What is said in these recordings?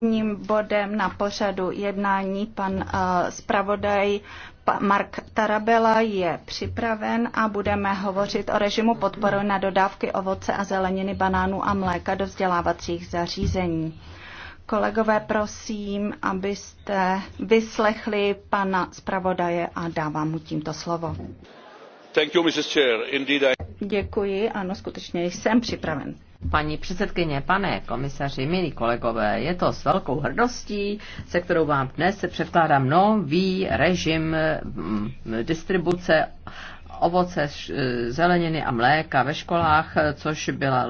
Prvním bodem na pořadu jednání pan uh, zpravodaj Mark Tarabella je připraven a budeme hovořit o režimu podpory na dodávky ovoce a zeleniny, banánů a mléka do vzdělávacích zařízení. Kolegové, prosím, abyste vyslechli pana zpravodaje a dávám mu tímto slovo. Thank you, Mrs. Chair. Indeed I... Děkuji, ano, skutečně jsem připraven. Paní předsedkyně, pane komisaři, milí kolegové, je to s velkou hrdostí, se kterou vám dnes předkládám nový režim mm, distribuce ovoce, e, zeleniny a mléka ve školách, e, což byla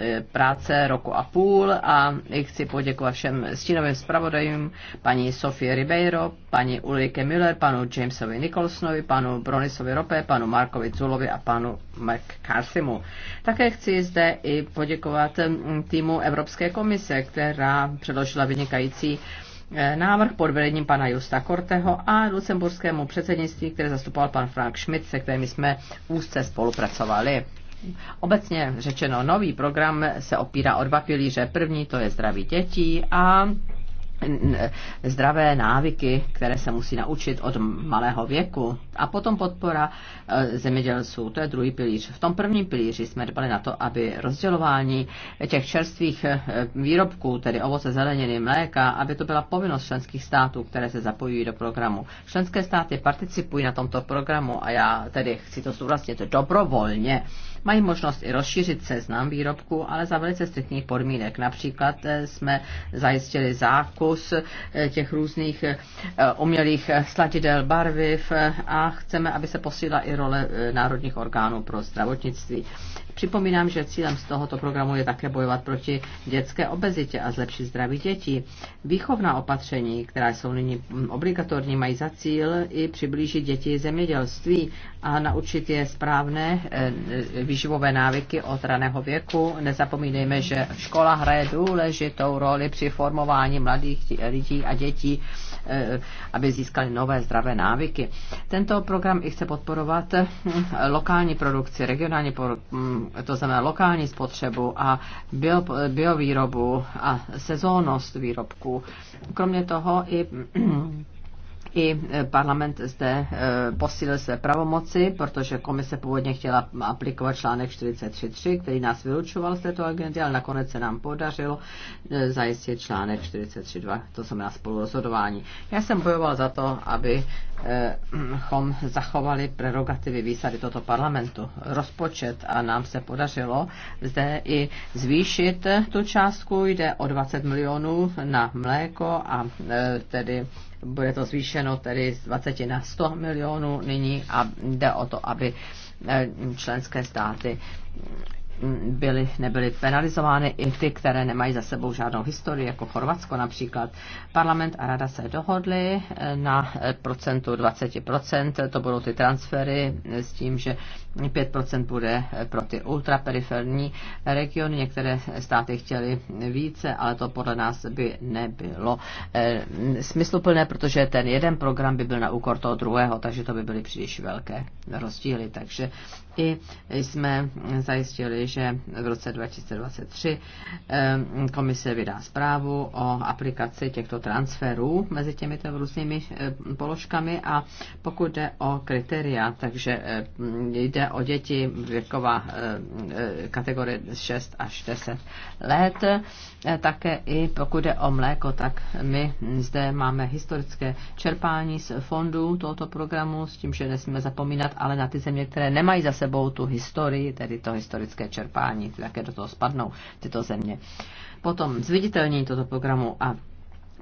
e, práce roku a půl a chci poděkovat všem stínovým zpravodajům, paní Sofie Ribeiro, paní Ulrike Müller, panu Jamesovi Nicholsonovi, panu Bronisovi Rope, panu Markovi Zulovi a panu McCarthymu. Také chci zde i poděkovat týmu Evropské komise, která předložila vynikající Eh, návrh pod vedením pana Justa Korteho a lucemburskému předsednictví, které zastupoval pan Frank Schmidt, se kterými jsme úzce spolupracovali. Obecně řečeno, nový program se opírá o dva pilíře. První to je zdraví dětí a zdravé návyky, které se musí naučit od malého věku. A potom podpora e, zemědělců, to je druhý pilíř. V tom prvním pilíři jsme dbali na to, aby rozdělování těch čerstvých e, výrobků, tedy ovoce, zeleniny, mléka, aby to byla povinnost členských států, které se zapojují do programu. Členské státy participují na tomto programu a já tedy chci to zúraznit dobrovolně. Mají možnost i rozšířit seznam výrobků, ale za velice striktních podmínek. Například e, jsme zajistili zákus těch různých umělých sladidel, barviv a chceme, aby se posílila i role e, národních orgánů pro zdravotnictví. Připomínám, že cílem z tohoto programu je také bojovat proti dětské obezitě a zlepšit zdraví dětí. Výchovná opatření, která jsou nyní obligatorní, mají za cíl i přiblížit děti zemědělství a naučit je správné e, e, výživové návyky od raného věku. Nezapomínejme, že škola hraje důležitou roli při formování mladých lidí a dětí Eh, aby získali nové zdravé návyky. Tento program i chce podporovat hm, lokální produkci, regionální, hm, to znamená lokální spotřebu a bio, biovýrobu a sezónnost výrobků. Kromě toho i hm, i e, parlament zde e, posílil své pravomoci, protože komise původně chtěla aplikovat článek 43.3, který nás vylučoval z této agendy, ale nakonec se nám podařilo e, zajistit článek 43.2, to znamená rozhodování. Já jsem bojoval za to, aby chom zachovali prerogativy výsady toto parlamentu, rozpočet a nám se podařilo zde i zvýšit tu částku, jde o 20 milionů na mléko a tedy bude to zvýšeno tedy z 20 na 100 milionů nyní a jde o to, aby eh, členské státy byly, nebyly penalizovány i ty, které nemají za sebou žádnou historii, jako Chorvatsko například. Parlament a rada se dohodly eh, na eh, procentu 20%, to budou ty transfery eh, s tím, že 5% bude pro ty ultraperiferní regiony. Některé státy chtěly více, ale to podle nás by nebylo smysluplné, protože ten jeden program by byl na úkor toho druhého, takže to by byly příliš velké rozdíly. Takže i jsme zajistili, že v roce 2023 eh, komise vydá zprávu o aplikaci těchto transferů mezi těmito různými eh, položkami a pokud jde o kritéria, takže eh, jde o děti věková kategorie 6 až 10 let, také i pokud jde o mléko, tak my zde máme historické čerpání z fondů tohoto programu s tím, že nesmíme zapomínat ale na ty země, které nemají za sebou tu historii, tedy to historické čerpání čerpání, ty také do toho spadnou, tyto země. Potom zviditelnění toto programu a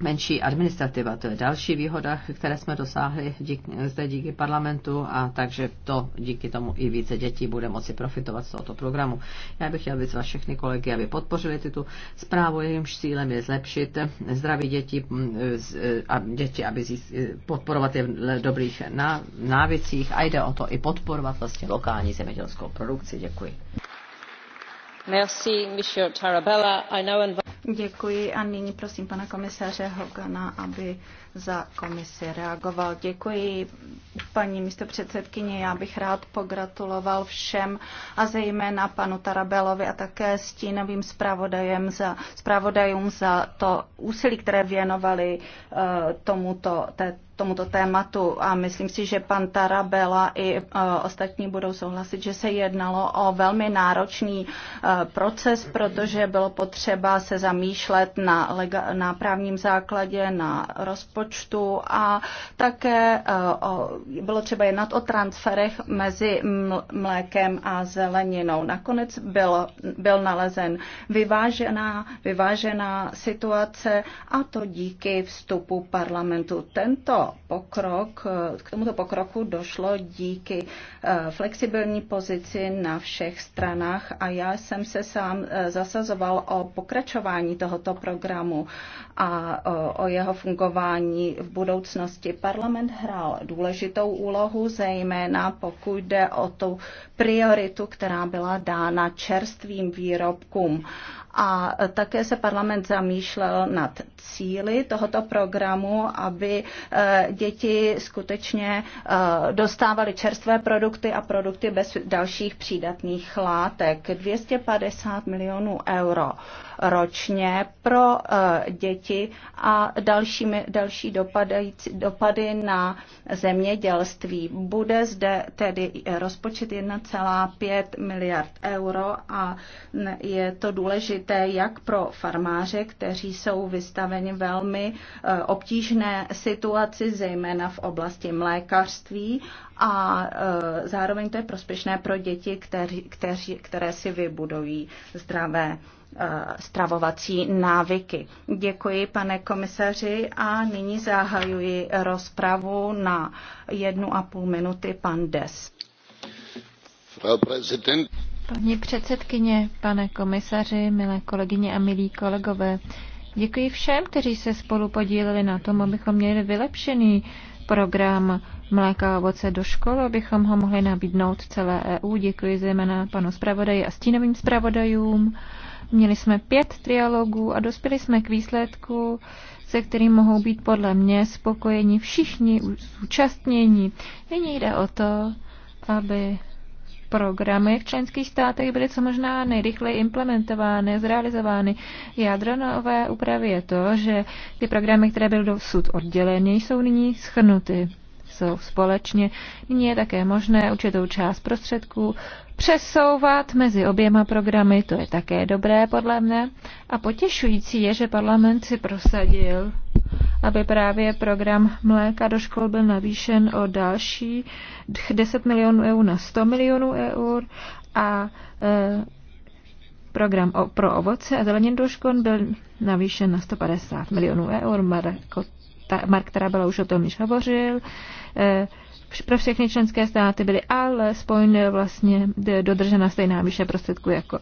menší administrativa, to je další výhoda, které jsme dosáhli dík, zde díky parlamentu a takže to díky tomu i více dětí bude moci profitovat z tohoto programu. Já bych chtěl vyzvat všechny kolegy, aby podpořili tuto zprávu, jejímž cílem je zlepšit zdraví dětí a děti, aby podporovat je v dobrých návicích a jde o to i podporovat vlastně lokální zemědělskou produkci. Děkuji. Děkuji a nyní prosím pana komisaře Hogana, aby za komisi reagoval. Děkuji paní místopředsedkyně, já bych rád pogratuloval všem a zejména panu Tarabelovi a také stínovým zpravodajům za, zpravodajům za to úsilí, které věnovali uh, tomuto, té, tomuto tématu a myslím si, že pan Tarabela i e, ostatní budou souhlasit, že se jednalo o velmi náročný e, proces, protože bylo potřeba se zamýšlet na, lega, na právním základě, na rozpočtu a také e, bylo třeba jednat o transferech mezi mlékem a zeleninou. Nakonec byl, byl nalezen vyvážená, vyvážená situace a to díky vstupu parlamentu. Tento pokrok, eh, k tomuto pokroku došlo díky eh, flexibilní pozici na všech stranách a já jsem se sám eh, zasazoval o pokračování tohoto programu a o jeho fungování v budoucnosti. Parlament hrál důležitou úlohu, zejména pokud jde o tu prioritu, která byla dána čerstvým výrobkům a také se parlament zamýšlel nad cíly tohoto programu, aby eh, děti skutečně eh, dostávaly čerstvé produkty a produkty bez dalších přídatných látek. 250 milionů euro ročně pro eh, děti a další další dopady, dopady na zemědělství. Bude zde tedy rozpočet 1,5 miliard euro a je to důležité jak pro farmáře, kteří jsou vystaveni velmi eh, obtížné situaci, zejména v oblasti mlékařství a eh, zároveň to je prospěšné pro děti, které, které si vybudují zdravé Eh, stravovací návyky. Děkuji, pane komisaři, a nyní zahajuji rozpravu na jednu a půl minuty pan Des. Paní předsedkyně, pane komisaři, milé kolegyně a milí kolegové, děkuji všem, kteří se spolu podíleli na tom, abychom měli vylepšený program mléka a ovoce do škol, abychom ho mohli nabídnout celé EU. Děkuji zejména panu zpravodaji a stínovým zpravodajům. Měli jsme pět trialogů a dospěli jsme k výsledku, se kterým mohou být podle mě spokojeni všichni zúčastnění. Nyní jde o to, aby programy v členských státech byly co možná nejrychleji implementovány, zrealizovány. Jádro nové úpravy je to, že ty programy, které byly dosud odděleny, jsou nyní schrnuty jsou společně, nyní je také možné určitou část prostředků přesouvat mezi oběma programy, to je také dobré podle mne. A potěšující je, že parlament si prosadil, aby právě program mléka do škol byl navýšen o další 10 milionů eur na 100 milionů eur a e, program o, pro ovoce a zeleninu do škol byl navýšen na 150 milionů eur. Mark, ta, Mark Tarabela už o tom již hovořil. Eh, pro všechny členské státy byly alespoň eh, vlastně dodržena stejná výše prostředků jako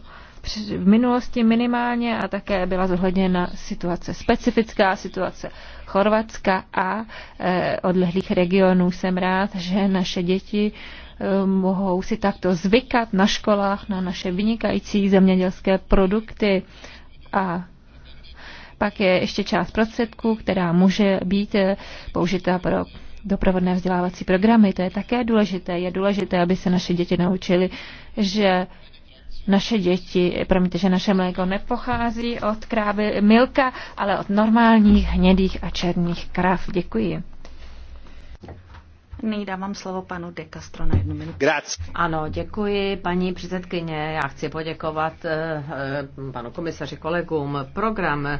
v minulosti minimálně a také byla zohledněna situace specifická, situace Chorvatska a e, odlehlých regionů. Jsem rád, že naše děti e, mohou si takto zvykat na školách na naše vynikající zemědělské produkty a pak je ještě část prostředků, která může být použita pro doprovodné vzdělávací programy. To je také důležité. Je důležité, aby se naše děti naučili, že naše děti, promiňte, že naše mléko nepochází od krávy Milka, ale od normálních hnědých a černých krav. Děkuji. Nyní dávám slovo panu De Castro na jednu minutu. Grazie. Ano, děkuji, paní předsedkyně. Já chci poděkovat eh, eh, panu komisaři kolegům. Program eh,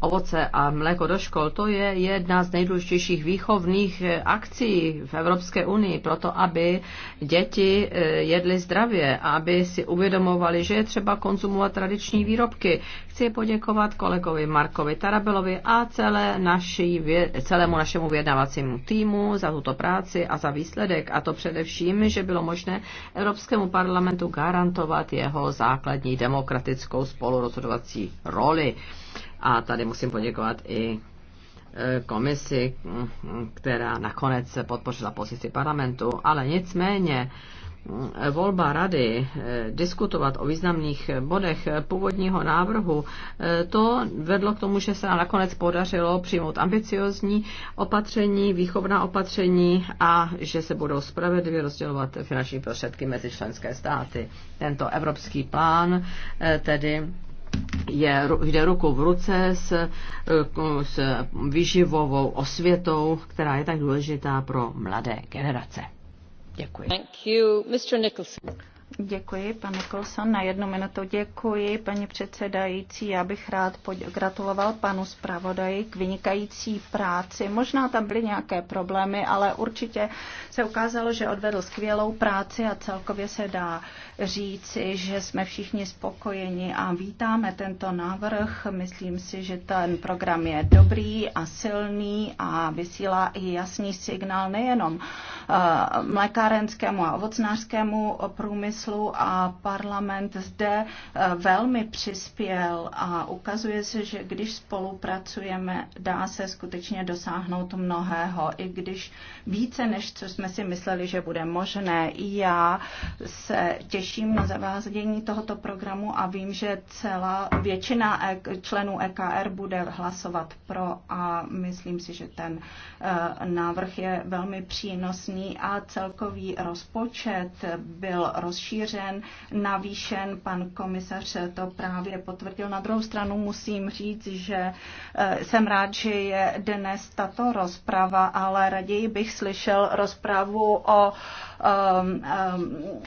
ovoce a mléko do škol, to je jedna z nejdůležitějších výchovných akcí v Evropské unii, proto aby děti jedly zdravě a aby si uvědomovali, že je třeba konzumovat tradiční výrobky. Chci poděkovat kolegovi Markovi Tarabelovi a celé naší, celému našemu vyjednávacímu týmu týmu za tuto práci a za výsledek, a to především, že bylo možné Evropskému parlamentu garantovat jeho základní demokratickou spolurozhodovací roli. A tady musím poděkovat i e, komisi, která nakonec podpořila pozici parlamentu, ale nicméně volba rady eh, diskutovat o významných bodech původního návrhu, eh, to vedlo k tomu, že se nám nakonec podařilo přijmout ambiciozní opatření, výchovná opatření a že se budou spravedlivě rozdělovat finanční prostředky mezi členské státy. Tento evropský plán eh, tedy je, jde ruku v ruce s, s výživovou osvětou, která je tak důležitá pro mladé generace. Děkuji. Thank Nicholson. Děkuji, pane Kolson. Na jednu minutu děkuji, paní předsedající. Já bych rád gratuloval panu zpravodaji k vynikající práci. Možná tam byly nějaké problémy, ale určitě se ukázalo, že odvedl skvělou práci a celkově se dá říci, že jsme všichni spokojeni a vítáme tento návrh. Myslím si, že ten program je dobrý a silný a vysílá i jasný signál nejenom eh, mlékárenskému a ovocnářskému průmyslu, průmyslu a parlament zde eh, velmi přispěl a ukazuje se, že když spolupracujeme, dá se skutečně dosáhnout mnohého, i když více, než co jsme si mysleli, že bude možné. Já se těším na zavázdění tohoto programu a vím, že celá většina e členů EKR bude hlasovat pro a myslím si, že ten eh, návrh je velmi přínosný a celkový rozpočet byl rozšířen rozšířen, navýšen. Pan komisař to právě potvrdil. Na druhou stranu musím říct, že eh, jsem rád, že je dnes tato rozprava, ale raději bych slyšel rozpravu o um, um,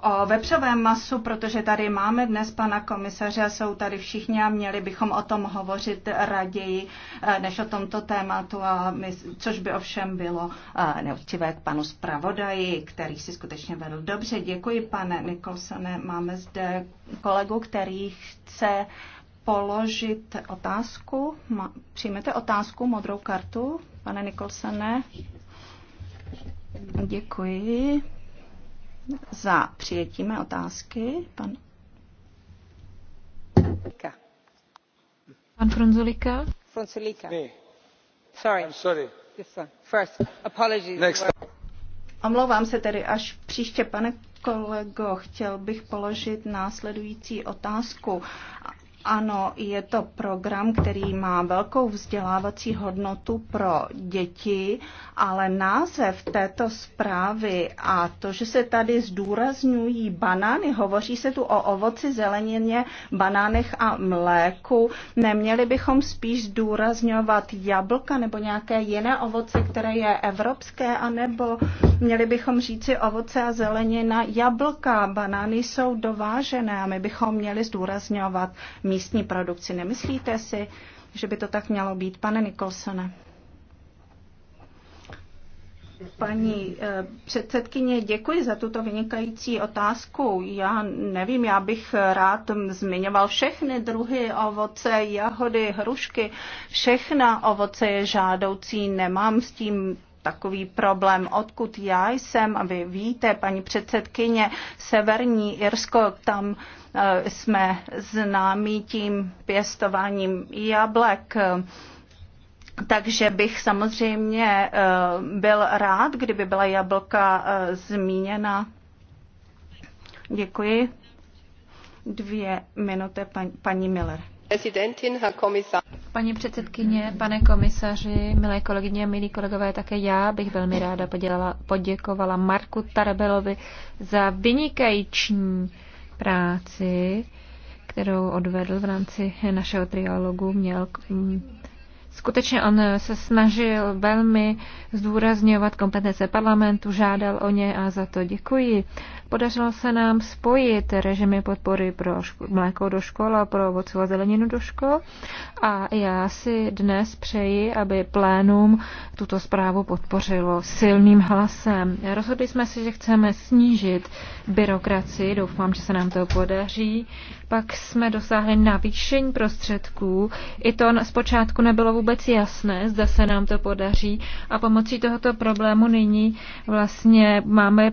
o vepřovém masu, protože tady máme dnes pana komisaře, jsou tady všichni a měli bychom o tom hovořit raději eh, než o tomto tématu, a my, což by ovšem bylo eh, neuctivé k panu zpravodaji, který si skutečně vedl dobře. Děkuji, pane Nikolsone. Máme zde kolegu, který chce položit otázku. Přijmete otázku, modrou kartu, pane Nikolsone? Děkuji za přijetí mé otázky. Pan, pan Fronzulika. Fronzulika. Sorry. I'm sorry. This one. First, apologies. Next. Omlouvám se tedy až příště, pane kolego, chtěl bych položit následující otázku. Ano, je to program, který má velkou vzdělávací hodnotu pro děti, ale název této zprávy a to, že se tady zdůrazňují banány, hovoří se tu o ovoci, zelenině, banánech a mléku, neměli bychom spíš zdůrazňovat jablka nebo nějaké jiné ovoce, které je evropské, anebo měli bychom říci ovoce a zelenina jablka. Banány jsou dovážené a my bychom měli zdůrazňovat místní produkci. Nemyslíte si, že by to tak mělo být, pane Nikolsone? Paní eh, předsedkyně, děkuji za tuto vynikající otázku. Já nevím, já bych rád zmiňoval všechny druhy ovoce, jahody, hrušky. Všechna ovoce je žádoucí, nemám s tím takový problém. Odkud já jsem, a vy víte, paní předsedkyně, Severní Irsko, tam Eh, jsme známí tím pěstováním jablek. Takže bych samozřejmě eh, byl rád, kdyby byla jablka eh, zmíněna. Děkuji. Dvě minuty, paní Miller. Paní předsedkyně, pane komisaři, milé kolegyně, milí kolegové, také já bych velmi ráda poděkovala Marku Tarabelovi za vynikající práci, kterou odvedl v rámci našeho trialogu, měl Skutečně on se snažil velmi zdůrazňovat kompetence parlamentu, žádal o ně a za to děkuji. Podařilo se nám spojit režimy podpory pro mléko do škol a pro ovoce a zeleninu do škol a já si dnes přeji, aby plénum tuto zprávu podpořilo silným hlasem. Rozhodli jsme si, že chceme snížit byrokracii, doufám, že se nám to podaří. Pak jsme dosáhli navýšení prostředků. I to zpočátku nebylo vůbec jasné, zda se nám to podaří a pomocí tohoto problému nyní vlastně máme,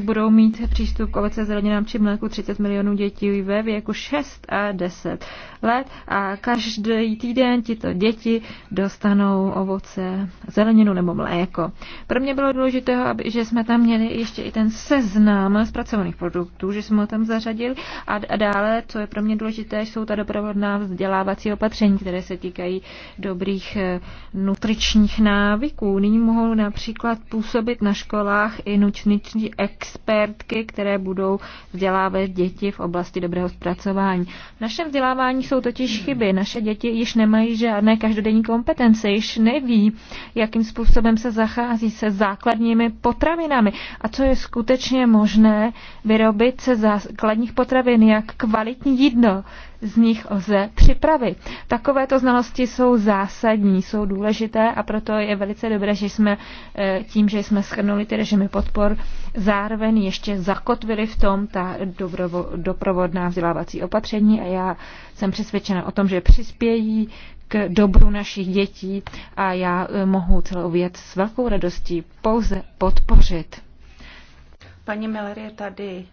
budou mít přístup k ovoce zeleninám či mléku 30 milionů dětí ve věku 6 a 10 let a každý týden tito děti dostanou ovoce, zeleninu nebo mléko. Pro mě bylo důležité, aby, že jsme tam měli ještě i ten seznam zpracovaných produktů, že jsme ho tam zařadili a, a dále, co je pro mě důležité, jsou ta doprovodná vzdělávací opatření, které se týkají dobrých eh, nutričních návyků. Nyní mohou například působit na školách i nutriční expertky, které budou vzdělávat děti v oblasti dobrého zpracování. V našem vzdělávání jsou totiž chyby. Naše děti již nemají žádné každodenní kompetence, již neví, jakým způsobem se zachází se základními potravinami a co je skutečně možné vyrobit se základních potravin, jak kvalitní jídlo, z nich lze připravit. Takovéto znalosti jsou zásadní, jsou důležité a proto je velice dobré, že jsme eh, tím, že jsme schrnuli ty režimy podpor, zároveň ještě zakotvili v tom ta dobrovo, doprovodná vzdělávací opatření a já jsem přesvědčena o tom, že přispějí k dobru našich dětí a já eh, mohu celou věc s velkou radostí pouze podpořit. Paní Miller je tady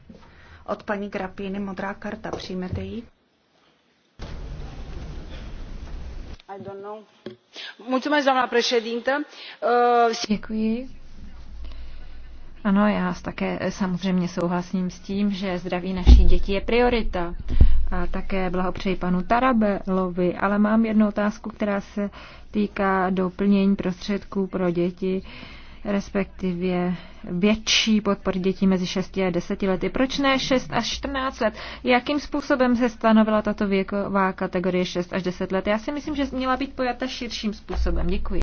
od paní Grapíny modrá karta. Přijmete ji? doamnă președintă uh, Ano, já také samozřejmě souhlasím s tím, že zdraví našich dětí je priorita. A také blahopřeji panu Tarabelovi, ale mám jednu otázku, která se týká doplnění prostředků pro děti. Uh, respektive větší podpory dětí mezi 6 a 10 lety. Proč ne 6 až 14 let? Jakým způsobem se stanovila tato věková kategorie 6 až 10 let? Já si myslím, že měla být pojata širším způsobem. Děkuji.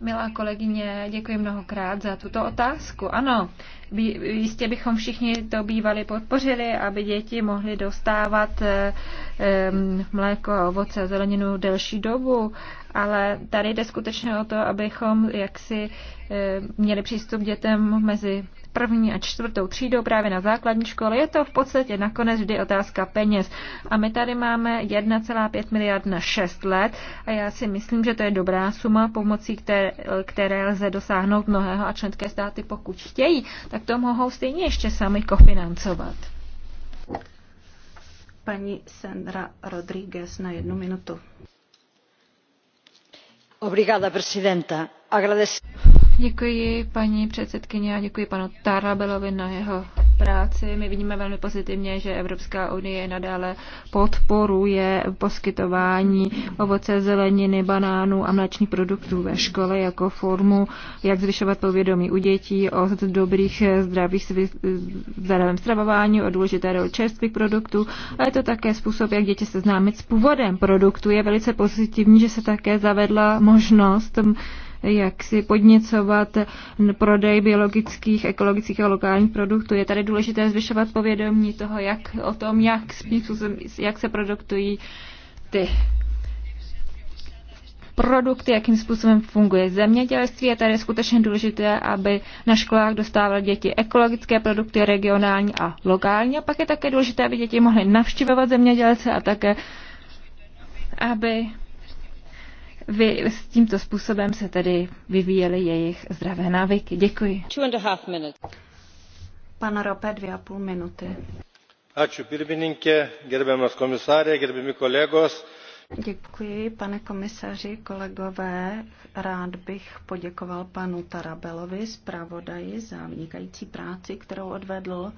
Milá kolegyně, děkuji mnohokrát za tuto otázku. Ano, by, jistě bychom všichni to bývali podpořili, aby děti mohly dostávat um, mléko, ovoce a zeleninu delší dobu, ale tady jde skutečně o to, abychom jaksi um, měli přístup dětem mezi první a čtvrtou třídou právě na základní škole. Je to v podstatě nakonec vždy otázka peněz. A my tady máme 1,5 miliard na 6 let a já si myslím, že to je dobrá suma, pomocí které, které lze dosáhnout mnohého a členské státy, pokud chtějí, tak to mohou stejně ještě sami kofinancovat. Paní Sandra Rodríguez na jednu minutu. Obrigada, presidenta. Agradec... Děkuji paní předsedkyně a děkuji panu Tarabelovi na jeho práci. My vidíme velmi pozitivně, že Evropská unie nadále podporuje poskytování ovoce, zeleniny, banánů a mléčných produktů ve škole jako formu, jak zvyšovat povědomí u dětí o dobrých zdravých zdravém stravování, o důležité roli čerstvých produktů. A je to také způsob, jak děti seznámit s původem produktu. Je velice pozitivní, že se také zavedla možnost jak si podněcovat prodej biologických, ekologických a lokálních produktů. Je tady důležité zvyšovat povědomí toho, jak o tom, jak, jak se produktují ty produkty, jakým způsobem funguje zemědělství. Je tady je skutečně důležité, aby na školách dostávaly děti ekologické produkty, regionální a lokální. A pak je také důležité, aby děti mohly navštěvovat zemědělce a také, aby vy s tímto způsobem se tedy vyvíjely jejich zdravé návyky. Děkuji. Pan Rope, dvě a půl minuty. Ačiū pirmininkė, gerbiamas komisarė, gerbiami kolegos. Děkuji, pane komisaři, kolegové. Rád bych poděkoval panu Tarabelovi, zpravodaji, za vynikající práci, kterou odvedl.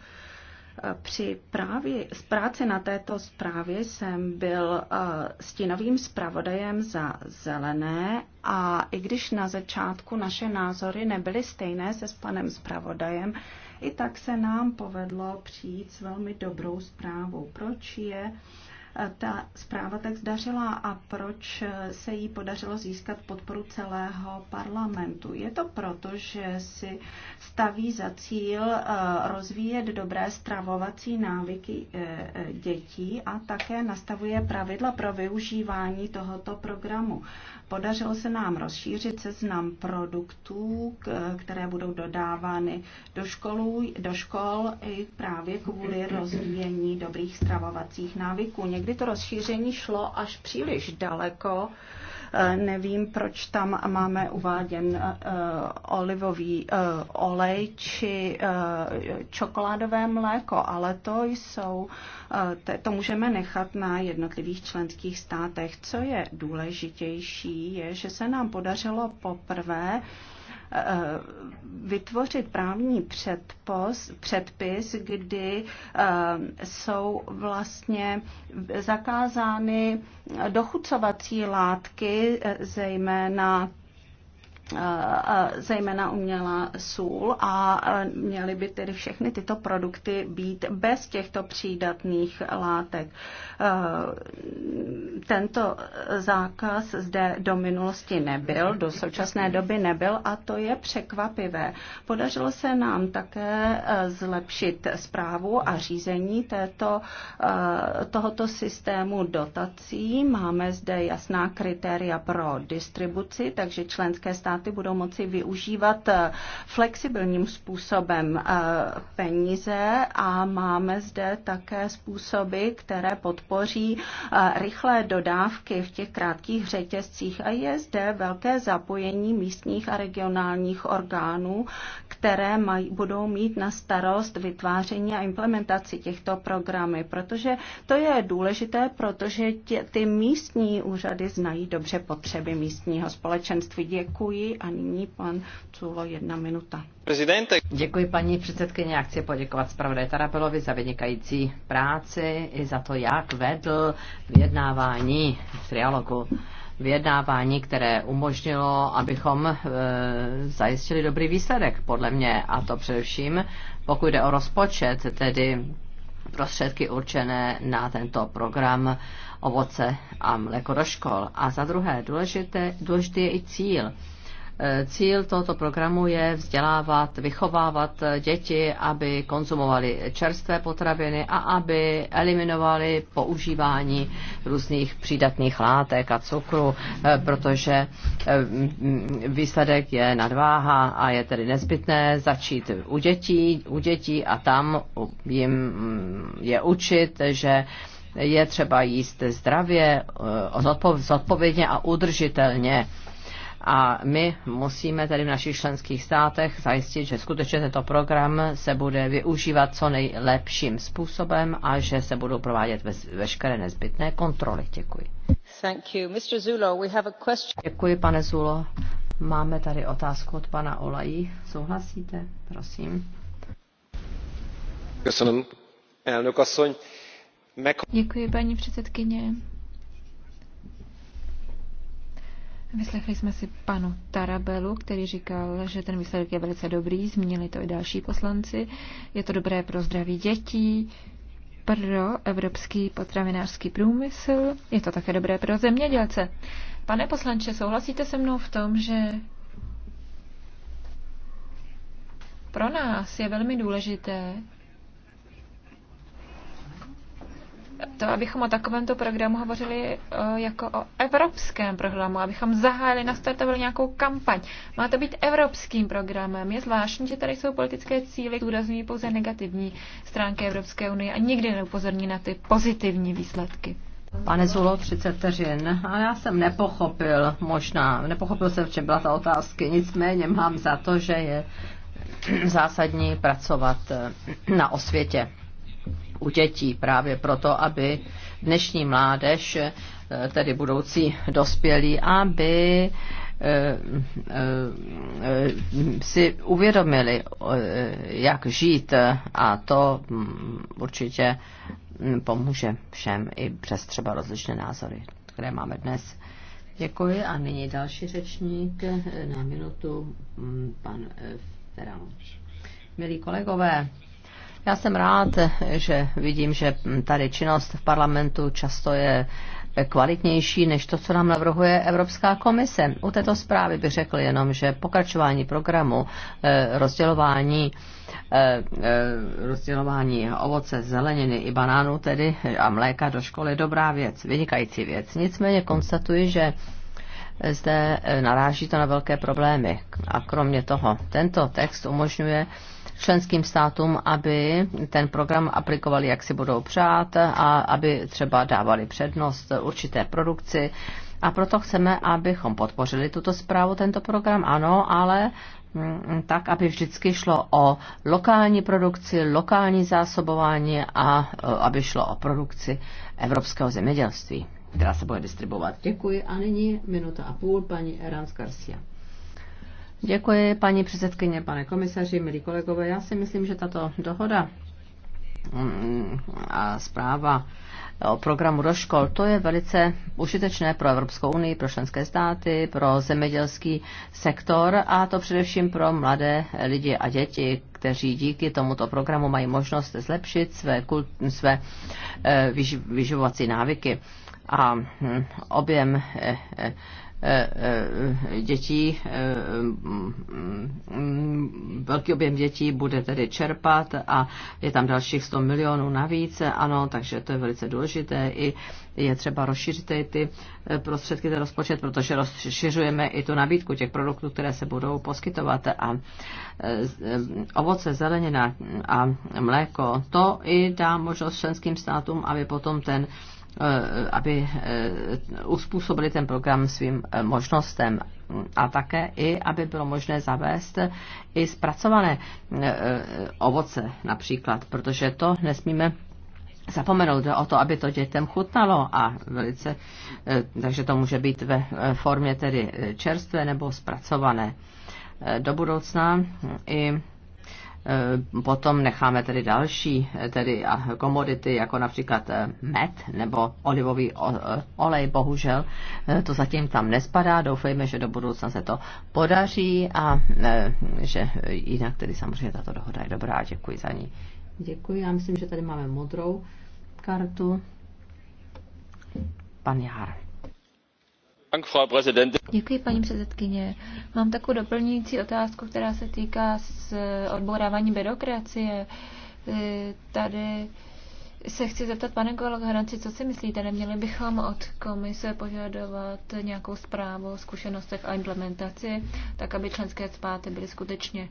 Při právě, z práce na této zprávě jsem byl eh, stínovým zpravodajem za zelené a i když na začátku naše názory nebyly stejné se s panem zpravodajem, i tak se nám povedlo přijít s velmi dobrou zprávou. Proč je uh, ta zpráva tak zdařila a proč se jí podařilo získat podporu celého parlamentu. Je to proto, že si staví za cíl eh, rozvíjet dobré stravovací návyky eh, dětí a také nastavuje pravidla pro využívání tohoto programu. Podařilo se nám rozšířit seznam produktů, které budou dodávány do, školu, do škol i právě kvůli rozvíjení dobrých stravovacích návyků. Někdy to rozšíření šlo až příliš daleko Eh, nevím, proč tam máme uváděn eh, olivový eh, olej či čokoládové mléko, ale to jsou, to můžeme nechat na jednotlivých členských státech. Co je důležitější, je, že se nám podařilo poprvé Eh, vytvořit právní předpos, předpis, kdy eh, jsou vlastně zakázány dochucovací látky, eh, zejména Eh, zejména umělá sůl a eh, měly by tedy všechny tyto produkty být bez těchto přídatných látek. Eh, tento zákaz zde do minulosti nebyl, do současné doby nebyl a to je překvapivé. Podařilo se nám také zlepšit zprávu a řízení této, tohoto systému dotací. Máme zde jasná kritéria pro distribuci, takže členské státy státy budou moci využívat eh, flexibilním způsobem eh, peníze a máme zde také způsoby, které podpoří eh, rychlé dodávky v těch krátkých řetězcích a je zde velké zapojení místních a regionálních orgánů, které maj, budou mít na starost vytváření a implementaci těchto programy, protože to je důležité, protože tě, ty místní úřady znají dobře potřeby místního společenství. Děkuji Děkuji a nyní pan jedna minuta. Prezidente. Děkuji paní předsedkyně, já chci poděkovat zpravodaj Tarabelovi za vynikající práci i za to, jak vedl vyjednávání v trialogu vyjednávání, které umožnilo, abychom e, zajistili dobrý výsledek, podle mě, a to především, pokud jde o rozpočet, tedy prostředky určené na tento program ovoce a mléko do škol. A za druhé, důležité, důležitý je i cíl Cíl tohoto programu je vzdělávat, vychovávat děti, aby konzumovali čerstvé potraviny a aby eliminovali používání různých přídatných látek a cukru, eh, protože eh, výsledek je nadváha a je tedy nezbytné začít u dětí, u dětí a tam jim mm, je učit, že je třeba jíst zdravě, eh, zodpovědně a udržitelně a my musíme tedy v našich členských státech zajistit, že skutečně tento program se bude využívat co nejlepším způsobem a že se budou provádět veškeré nezbytné kontroly. Děkuji. Thank you. Mr. Zulo, we have a question. Děkuji, pane Zulo. Máme tady otázku od pana Olají. Souhlasíte? Prosím. Děkuji, paní předsedkyně. Vyslechli jsme si panu Tarabelu, který říkal, že ten výsledek je velice dobrý, zmínili to i další poslanci. Je to dobré pro zdraví dětí, pro evropský potravinářský průmysl, je to také dobré pro zemědělce. Pane poslanče, souhlasíte se mnou v tom, že pro nás je velmi důležité, to, abychom o takovémto programu hovořili eh, jako o evropském programu, abychom zahájili, nastartovali nějakou kampaň. Má to být evropským programem. Je zvláštní, že tady jsou politické cíly, zdůrazňují pouze negativní stránky Evropské unie a nikdy neupozorní na ty pozitivní výsledky. Pane Zulo, 30 vteřin. A já jsem nepochopil, možná, nepochopil jsem, v čem byla ta otázka. Nicméně mám za to, že je zásadní pracovat eh, na osvětě u dětí právě proto, aby dnešní mládež, eh, tedy budoucí dospělí, aby eh, eh, si uvědomili, jak žít a to mm, určitě mm, pomůže všem i přes třeba rozličné názory, které máme dnes. Děkuji a nyní další řečník na minutu, mm, pan Ferran. Milí kolegové, já jsem rád, že vidím, že tady činnost v parlamentu často je kvalitnější než to, co nám navrhuje Evropská komise. U této zprávy bych řekl jenom, že pokračování programu eh, rozdělování eh, eh, rozdělování ovoce, zeleniny i banánů tedy a mléka do školy je dobrá věc, vynikající věc. Nicméně konstatuji, že zde naráží to na velké problémy. A kromě toho, tento text umožňuje členským státům, aby ten program aplikovali, jak si budou přát a aby třeba dávali přednost určité produkci. A proto chceme, abychom podpořili tuto zprávu, tento program, ano, ale mm, tak, aby vždycky šlo o lokální produkci, lokální zásobování a e, aby šlo o produkci evropského zemědělství, která se bude distribuovat. Děkuji a nyní minuta a půl paní Erans Garcia. Děkuji, paní předsedkyně, pane komisaři, milí kolegové. Já si myslím, že tato dohoda mm, a zpráva o programu do škol, to je velice užitečné pro Evropskou unii, pro členské státy, pro zemědělský sektor a to především pro mladé lidi a děti, kteří díky tomuto programu mají možnost zlepšit své, kult, své eh, vyživovací návyky. A hm, objem eh, eh, Eh, eh, dětí, eh, velký objem dětí bude tedy čerpat a je tam dalších 100 milionů navíc, ano, takže to je velice důležité i je třeba rozšířit ty prostředky, ten rozpočet, protože rozšiřujeme i tu nabídku těch produktů, které se budou poskytovat a ovoce, zelenina a mléko, to i dá možnost členským státům, aby potom ten Eh, aby eh, uspůsobili ten program svým eh, možnostem a také i, aby bylo možné zavést i zpracované ovoce například, protože to nesmíme zapomenout o to, aby to dětem chutnalo a velice, takže to může být ve formě tedy čerstvé nebo zpracované. Do budoucna i Eh, potom necháme tedy další eh, tedy eh, komodity, jako například med nebo olivový olej. Bohužel to zatím tam nespadá. Doufejme, že do budoucna se to podaří a že jinak tedy samozřejmě tato dohoda je dobrá. Děkuji za ní. Děkuji. Já myslím, že tady máme modrou kartu. Pan Jár. Děkuji, paní předsedkyně. Mám takovou doplňující otázku, která se týká s eh, odbourávání byrokracie. Eh, tady se chci zeptat, pane Gologranci, co si myslíte? Neměli bychom od komise požadovat nějakou zprávu o zkušenostech a implementaci, tak aby členské spáty byly skutečně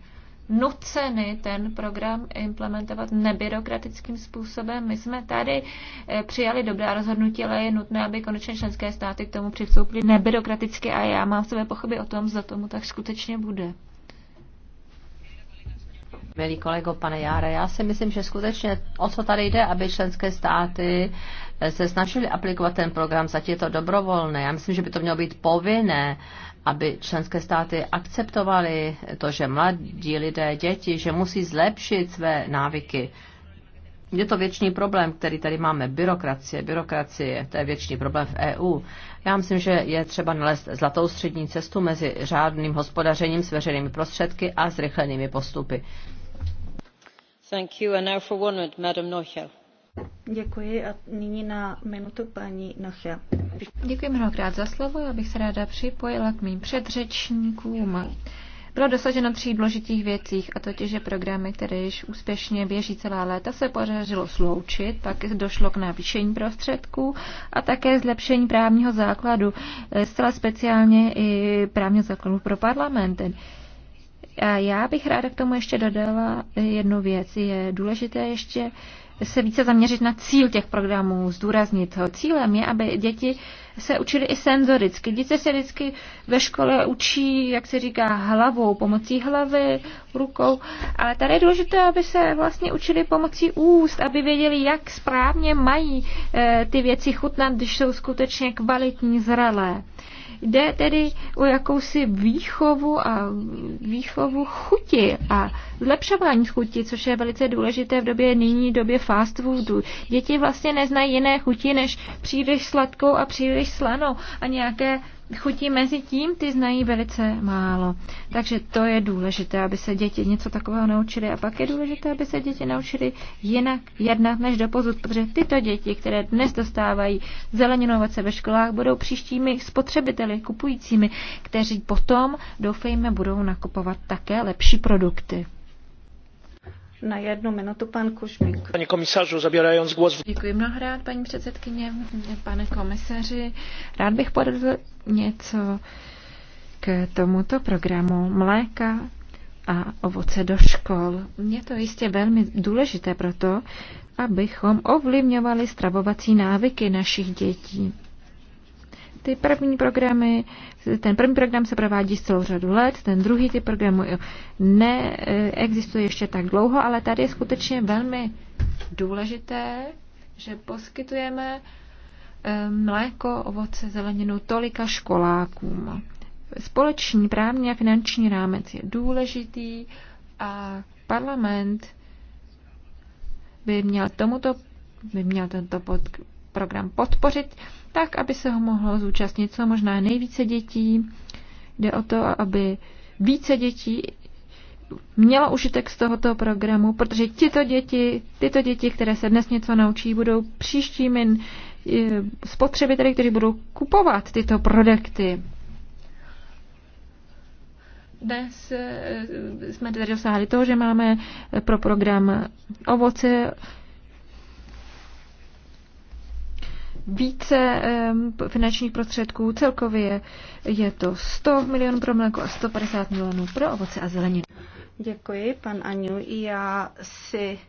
nuceny ten program implementovat nebyrokratickým způsobem. My jsme tady eh, přijali dobrá rozhodnutí, ale je nutné, aby konečně členské státy k tomu přistoupily nebyrokraticky a já mám své pochyby o tom, zda tomu tak skutečně bude. Milý kolego, pane Jára. já si myslím, že skutečně o co tady jde, aby členské státy eh, se snažili aplikovat ten program, zatím je to dobrovolné. Já myslím, že by to mělo být povinné aby členské státy akceptovaly to, že mladí lidé, děti, že musí zlepšit své návyky. Je to věčný problém, který tady máme. Byrokracie, byrokracie, to je věčný problém v EU. Já myslím, že je třeba nalézt zlatou střední cestu mezi řádným hospodařením s veřejnými prostředky a zrychlenými postupy. Thank you. And now for one minute, Madam Neuchel. Děkuji a nyní na minutu paní Nosia. Děkuji mnohokrát za slovo, abych se ráda připojila k mým předřečníkům. Bylo dosaženo tří důležitých věcích a totiž, že programy, které již úspěšně běží celá léta, se podařilo sloučit, pak došlo k navýšení prostředků a také zlepšení právního základu, eh, zcela speciálně i právního základu pro parlament. A já bych ráda k tomu ještě dodala eh, jednu věc. Je důležité ještě se více zaměřit na cíl těch programů, zdůraznit ho. Cílem je, aby děti se učili i senzoricky. Děti se vždycky ve škole učí, jak se říká, hlavou, pomocí hlavy, rukou, ale tady je důležité, aby se vlastně učili pomocí úst, aby věděli, jak správně mají e, ty věci chutnat, když jsou skutečně kvalitní, zralé. Jde tedy o jakousi výchovu a výchovu chuti a zlepšování chuti, což je velice důležité v době nyní, v době fast foodu. Děti vlastně neznají jiné chuti než příliš sladkou a příliš slanou a nějaké chutí mezi tím, ty znají velice málo. Takže to je důležité, aby se děti něco takového naučili. A pak je důležité, aby se děti naučili jinak jednat než pozud, protože tyto děti, které dnes dostávají zeleninovace ve školách, budou příštími spotřebiteli, kupujícími, kteří potom, doufejme, budou nakupovat také lepší produkty na jednu minutu pan Kušmík. Pane komisařu, zabírając głos. Děkuji mnohokrát, paní předsedkyně, pane komisaři. Rád bych poradil něco k tomuto programu mléka a ovoce do škol. Je to jistě velmi důležité proto, abychom ovlivňovali stravovací návyky našich dětí. Ty první programy, ten první program se provádí z celou řadu let, ten druhý ty programy neexistuje ještě tak dlouho, ale tady je skutečně velmi důležité, že poskytujeme eh, mléko, ovoce, zeleninu tolika školákům. Společný právní a finanční rámec je důležitý a parlament by měl tomuto by měl tento pod, program podpořit, tak, aby se ho mohlo zúčastnit co možná nejvíce dětí. Jde o to, aby více dětí mělo užitek z tohoto programu, protože tyto děti, tyto děti, které se dnes něco naučí, budou příštími eh, spotřebiteli, kteří budou kupovat tyto produkty. Dnes eh, jsme tedy dosáhli toho, že máme pro program ovoce více finančních prostředků. Celkově je to 100 milionů pro mléko a 150 milionů pro ovoce a zeleninu. Děkuji, pan Aňu. Já si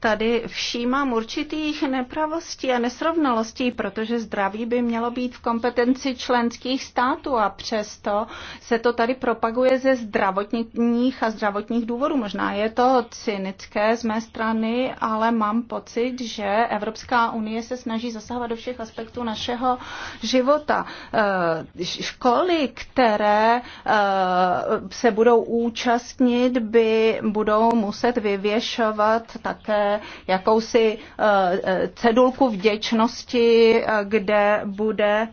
tady všímám určitých nepravostí a nesrovnalostí, protože zdraví by mělo být v kompetenci členských států a přesto se to tady propaguje ze zdravotních a zdravotních důvodů. Možná je to cynické z mé strany, ale mám pocit, že Evropská unie se snaží zasahovat do všech aspektů našeho života. Eh, školy, které eh, se budou účastnit, by budou muset vyvěšovat také jakousi eh, eh, cedulku vděčnosti, eh, kde bude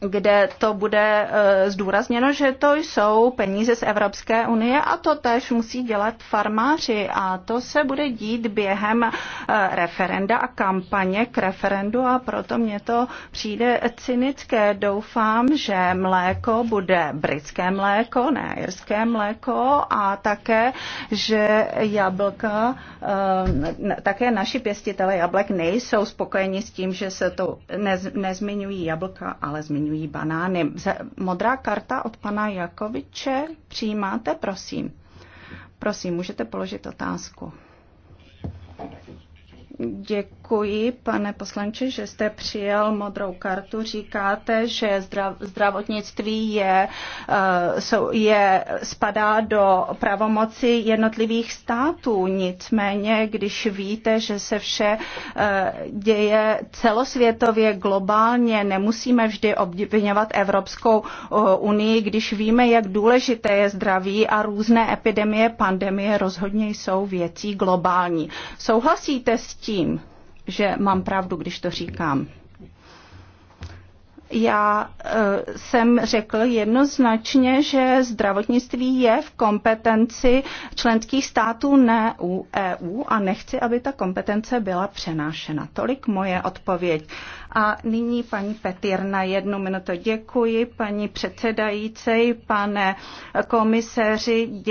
kde to bude eh, zdůrazněno, že to jsou peníze z Evropské unie a to tež musí dělat farmáři a to se bude dít během eh, referenda a kampaně k referendu a proto mě to přijde cynické. Doufám, že mléko bude britské mléko, ne irské mléko a také, že jablka, eh, také naši pěstitele jablek nejsou spokojeni s tím, že se to nezmiňují jablka, ale zmiňují zachraňují banány. Modrá karta od pana Jakoviče přijímáte, prosím. Prosím, můžete položit otázku. Děkuji Děkuji, pane poslanče, že jste přijel modrou kartu. Říkáte, že zdrav, zdravotnictví je, eh, je, spadá do pravomoci jednotlivých států. Nicméně, když víte, že se vše eh, děje celosvětově, globálně, nemusíme vždy obvinovat Evropskou eh, unii, když víme, jak důležité je zdraví a různé epidemie, pandemie rozhodně jsou věcí globální. Souhlasíte s tím? že mám pravdu, když to říkám. Já eh, jsem řekl jednoznačně, že zdravotnictví je v kompetenci členských států, ne u EU a nechci, aby ta kompetence byla přenášena. Tolik moje odpověď. A nyní paní Petir na jednu minutu. Děkuji paní předsedající, pane komiseři,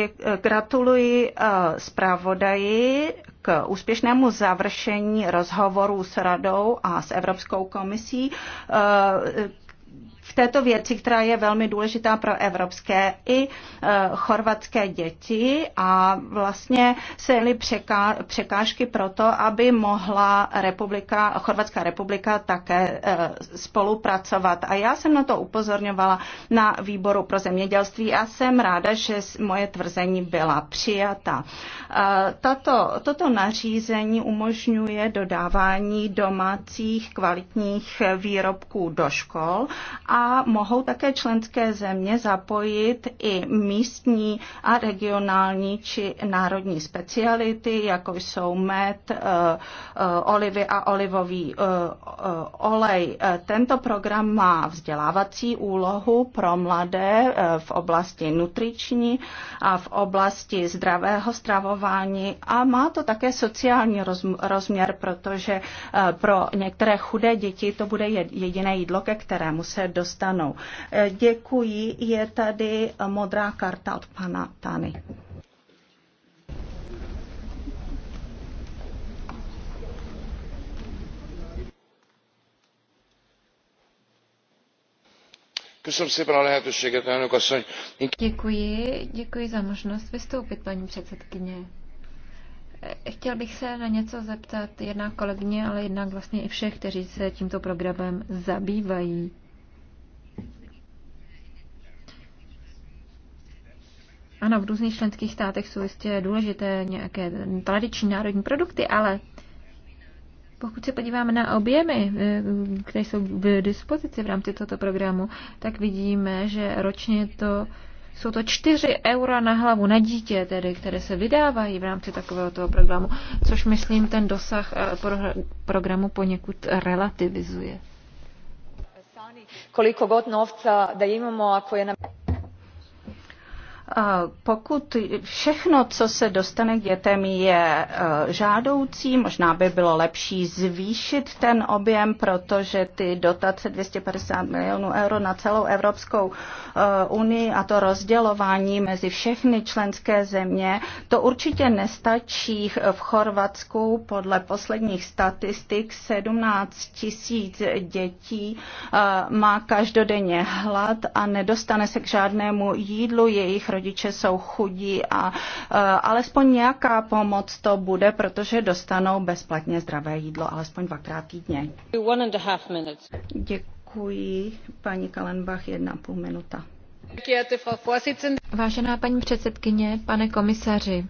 gratuluji uh, zpravodaji k úspěšnému završení rozhovorů s Radou a s Evropskou komisí této věci, která je velmi důležitá pro evropské i eh, chorvatské děti a vlastně se překá, překážky pro to, aby mohla republika, Chorvatská republika také eh, spolupracovat. A já jsem na to upozorňovala na výboru pro zemědělství a jsem ráda, že moje tvrzení byla přijata. Eh, tato, toto nařízení umožňuje dodávání domácích kvalitních výrobků do škol a mohou také členské země zapojit i místní a regionální či národní speciality, jako jsou med, eh, eh, olivy a olivový eh, olej. Tento program má vzdělávací úlohu pro mladé v oblasti nutriční a v oblasti zdravého stravování a má to také sociální rozměr, protože pro některé chudé děti to bude jediné jídlo, ke kterému se dostanou dostanou. E, děkuji. Je tady modrá karta od pana Tany. Děkuji, děkuji za možnost vystoupit, paní předsedkyně. E, chtěl bych se na něco zeptat jednak kolegyně, ale jednak vlastně i všech, kteří se tímto programem zabývají. Ano, v různých členských státech jsou jistě důležité nějaké tradiční národní produkty, ale pokud se podíváme na objemy, eh, které jsou v dispozici v rámci tohoto programu, tak vidíme, že ročně to jsou to 4 eura na hlavu na dítě, tedy, které se vydávají v rámci takového toho programu, což myslím ten dosah eh, programu poněkud relativizuje. Koliko god novca da imamo, ako je na... Pokud všechno, co se dostane k dětem, je e, žádoucí, možná by bylo lepší zvýšit ten objem, protože ty dotace 250 milionů euro na celou Evropskou e, unii a to rozdělování mezi všechny členské země, to určitě nestačí v Chorvatsku podle posledních statistik 17 tisíc dětí e, má každodenně hlad a nedostane se k žádnému jídlu, jejich rodiče jsou chudí a e, alespoň nějaká pomoc to bude, protože dostanou bezplatně zdravé jídlo, alespoň dvakrát týdně. Děkuji, paní Kalenbach, jedna půl minuta. Vážená paní předsedkyně, pane komisaři,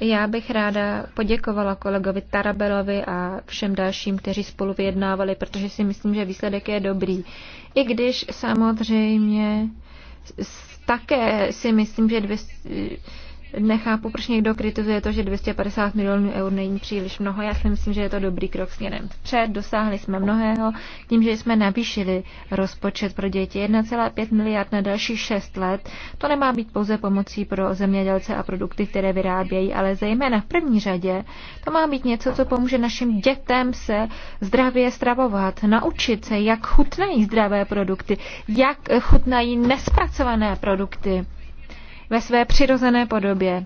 já bych ráda poděkovala kolegovi Tarabelovi a všem dalším, kteří spolu vyjednávali, protože si myslím, že výsledek je dobrý. I když samozřejmě také si myslím, že 200, nechápu, proč někdo kritizuje to, že 250 milionů eur není příliš mnoho. Já si myslím, že je to dobrý krok směrem vpřed. Dosáhli jsme mnohého tím, že jsme navýšili rozpočet pro děti 1,5 miliard na další 6 let. To nemá být pouze pomocí pro zemědělce a produkty, které vyrábějí, ale zejména v první řadě to má být něco, co pomůže našim dětem se zdravě stravovat, naučit se, jak chutnají zdravé produkty, jak chutnají nespracované produkty ve své přirozené podobě.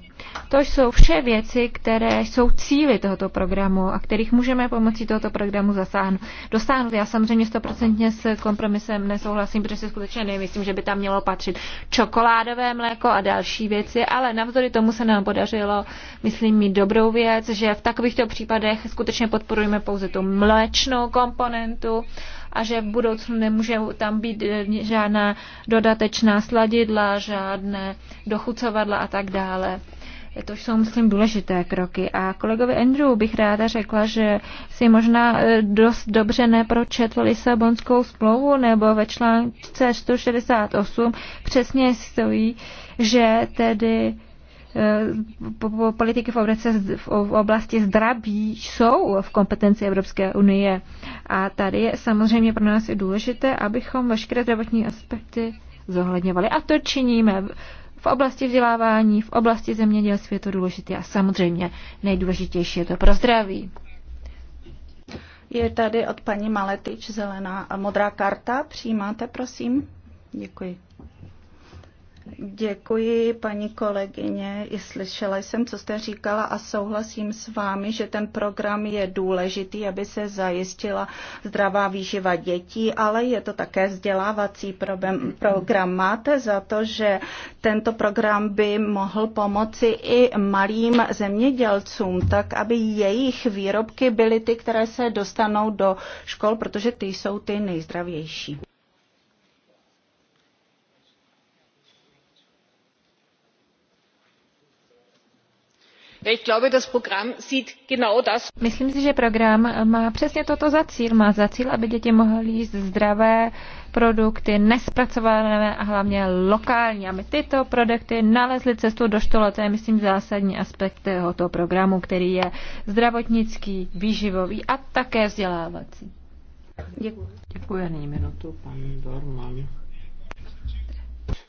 To jsou vše věci, které jsou cíly tohoto programu a kterých můžeme pomocí tohoto programu zasáhnout. Dosáhnout. Já samozřejmě stoprocentně s kompromisem nesouhlasím, protože si skutečně nemyslím, že by tam mělo patřit čokoládové mléko a další věci, ale navzdory tomu se nám podařilo, myslím, mít dobrou věc, že v takovýchto případech skutečně podporujeme pouze tu mléčnou komponentu a že v budoucnu nemůže tam být eh, žádná dodatečná sladidla, žádné dochucovadla a tak dále. Eh, to jsou, myslím, důležité kroky. A kolegovi Andrew bych ráda řekla, že si možná eh, dost dobře nepročetl Lisabonskou smlouvu, nebo ve článce 168 přesně stojí, že tedy Eh, politiky v oblasti zdraví jsou v kompetenci Evropské unie. A tady je samozřejmě pro nás i důležité, abychom veškeré zdravotní aspekty zohledňovali. A to činíme v oblasti vzdělávání, v oblasti zemědělství je to důležité a samozřejmě nejdůležitější je to pro zdraví. Je tady od paní Maletič zelená a modrá karta. Přijímáte, prosím? Děkuji. Děkuji, paní kolegyně. I slyšela jsem, co jste říkala a souhlasím s vámi, že ten program je důležitý, aby se zajistila zdravá výživa dětí, ale je to také vzdělávací program. Máte za to, že tento program by mohl pomoci i malým zemědělcům, tak aby jejich výrobky byly ty, které se dostanou do škol, protože ty jsou ty nejzdravější. Myslím si, že program má přesně toto za cíl. Má za cíl, aby děti mohly jíst zdravé produkty, nespracované a hlavně lokální, aby tyto produkty nalezly cestu do štola. To je, myslím, zásadní aspekt tohoto programu, který je zdravotnický, výživový a také vzdělávací. Děkuji. Děkuji, nyní minutu, pan Dorman.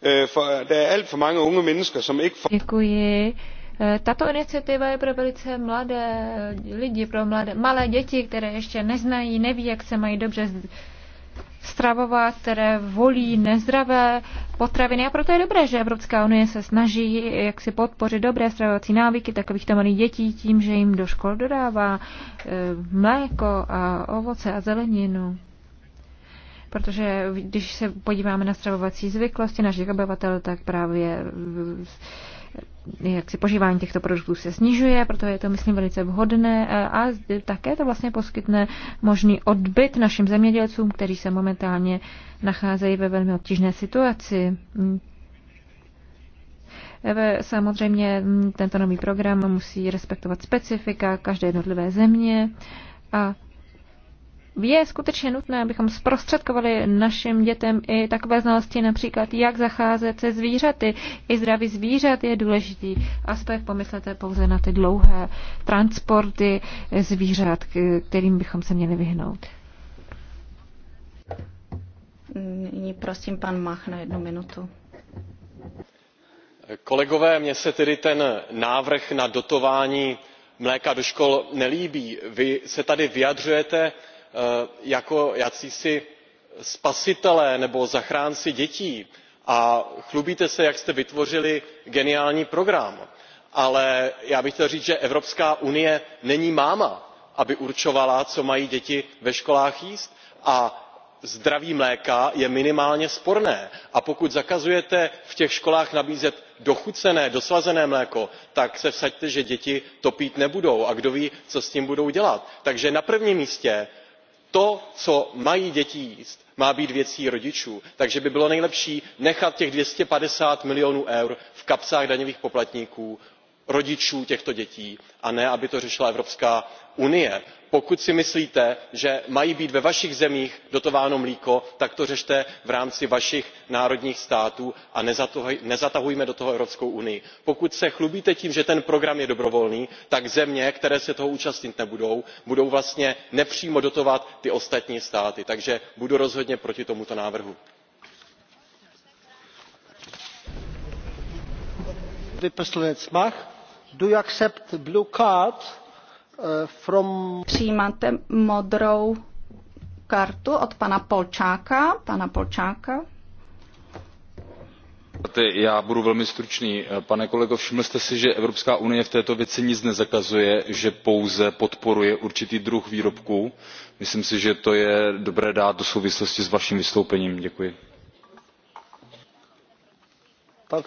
Øh, er Děkuji. Eh, tato iniciativa je pro velice mladé lidi, pro mladé, malé děti, které ještě neznají, neví, jak se mají dobře stravovat, které volí nezdravé potraviny. A proto je dobré, že Evropská unie se snaží jak si podpořit dobré stravovací návyky takovýchto malých dětí tím, že jim do škol dodává eh, mléko a ovoce a zeleninu protože když se podíváme na stravovací zvyklosti našich obyvatel, tak právě eh, jak si požívání těchto produktů se snižuje, proto je to, myslím, velice vhodné eh, a také to vlastně poskytne možný odbyt našim zemědělcům, kteří se momentálně nacházejí ve velmi obtížné situaci. Eh, samozřejmě mm, tento nový program musí respektovat specifika každé jednotlivé země a je skutečně nutné, abychom zprostředkovali našim dětem i takové znalosti, například jak zacházet se zvířaty. I zdraví zvířat je důležitý aspekt. Pomyslete pouze na ty dlouhé transporty zvířat, kterým bychom se měli vyhnout. Nyní prosím pan Mach na jednu minutu. Kolegové, mně se tedy ten návrh na dotování mléka do škol nelíbí. Vy se tady vyjadřujete Eh, jako jacísi spasitelé nebo zachránci dětí a chlubíte se jak jste vytvořili geniální program ale já bych chtěl říct že evropská unie není máma aby určovala co mají děti ve školách jíst a zdraví mléka je minimálně sporné a pokud zakazujete v těch školách nabízet dochucené doslazené mléko tak se vsaďte že děti to pít nebudou a kdo ví co s tím budou dělat. takže na prvním místě to co mají děti jíst má být věcí rodičů takže by bylo nejlepší nechat těch two hundred and fifty milionů eur v kapsách daňových poplatníků rodičů těchto dětí a ne aby to řešila evropská unie. pokud si myslíte že má být ve vašich zemích dotováno mléko tak to řešte v rámci vašich národních států a nezatahujme do toho evropskou unii. pokud se chlubíte tím že ten program je dobrovolný tak země které se toho účastnit nebudou budou vlastně nepřímo dotovat ty ostatní státy. takže budu rozhodně proti tomuto návrhu. Uh, Přijímáte modrou kartu od pana Polčáka. Pana Polčáka. Já budu velmi stručný. Pane kolego, všiml jste si, že Evropská unie v této věci nic nezakazuje, že pouze podporuje určitý druh výrobků. Myslím si, že to je dobré dát do souvislosti s vaším vystoupením. Děkuji. Pan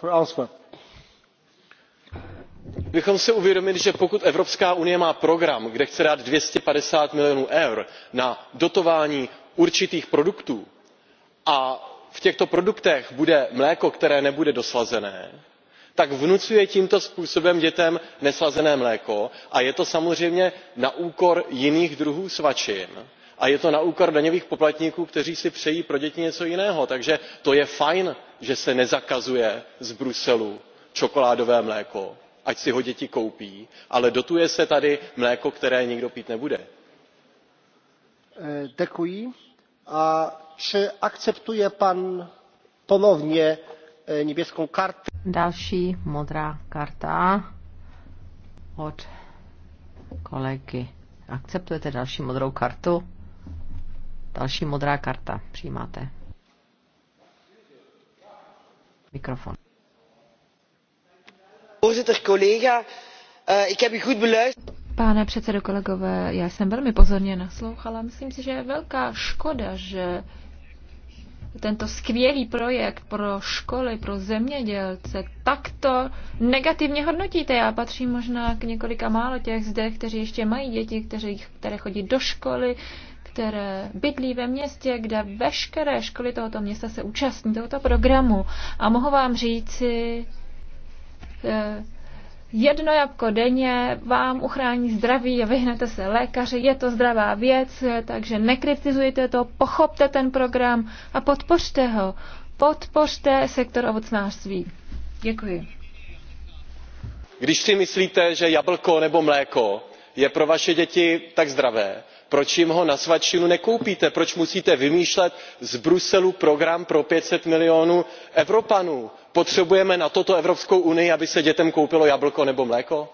měli bychom si uvědomit že pokud evropská unie má program kde chce dát two hundred and fifty milionů eur na dotování určitých produktů a v těchto produktech bude mléko které nebude doslazené tak vnucuje tímto způsobem dětem neslazené mléko a je to samozřejmě na úkor jiných druhů svačin a je to na úkor daňových poplatníků kteří si přejí pro děti něco jiného. takže to je fajn že se nezakazuje z bruselu čokoládové mléko ať si ho děti koupí ale dotuje se tady mléko které nikdo pít nebude. Eh, děkuji. czy akceptuje pan ponownie eh, niebieską kartę? další modrá karta od kolegy. Akceptujete další modrou kartu? Další modrá karta přijímáte. Mikrofon. Eh, Pane předsedo, kolegové, já jsem velmi pozorně naslouchala. Myslím si, že je velká škoda, že tento skvělý projekt pro školy, pro zemědělce, takto negativně hodnotíte. Já patřím možná k několika málo těch zde, kteří ještě mají děti, kteří, které chodí do školy, které bydlí ve městě, kde veškeré školy tohoto města se účastní tohoto programu. A mohu vám říci, Eh, jedno jabko denně vám uchrání zdraví a vyhnete se lékaři. Je to zdravá věc, eh, takže nekritizujte to, pochopte ten program a podpořte ho. Podpořte sektor ovocnářství. Děkuji. Když si myslíte, že jablko nebo mléko je pro vaše děti tak zdravé, proč jim ho na svačinu nekoupíte? Proč musíte vymýšlet z Bruselu program pro 500 milionů Evropanů? potřebujeme na toto evropskou unii aby se dětem koupilo jablko nebo mléko?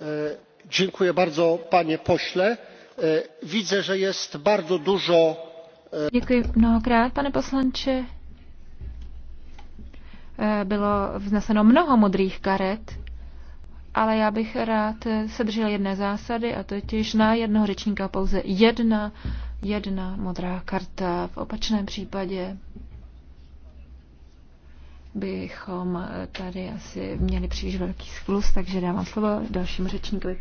E, e, e, Děkuji pane poslanče. Bylo vzneseno mnoho modrých karet, ale já bych rád se držel jedné zásady a totiž na jednoho řečníka pouze jedna, jedna modrá karta. V opačném případě bychom eh, tady asi měli příliš velký sklus, takže dávám slovo dalšímu řečníkovi.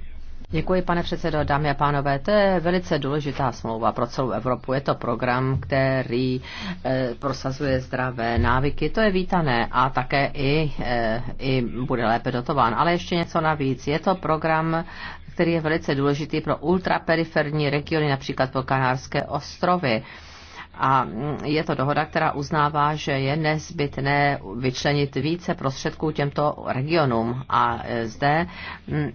Děkuji, pane předsedo, dámy a pánové. To je velice důležitá smlouva pro celou Evropu. Je to program, který e, prosazuje zdravé návyky. To je vítané a také i, e, i bude lépe dotován. Ale ještě něco navíc. Je to program, který je velice důležitý pro ultraperiferní regiony, například pro Kanárské ostrovy. E, a je to dohoda, která uznává, že je nezbytné vyčlenit více prostředků těmto regionům. A e, zde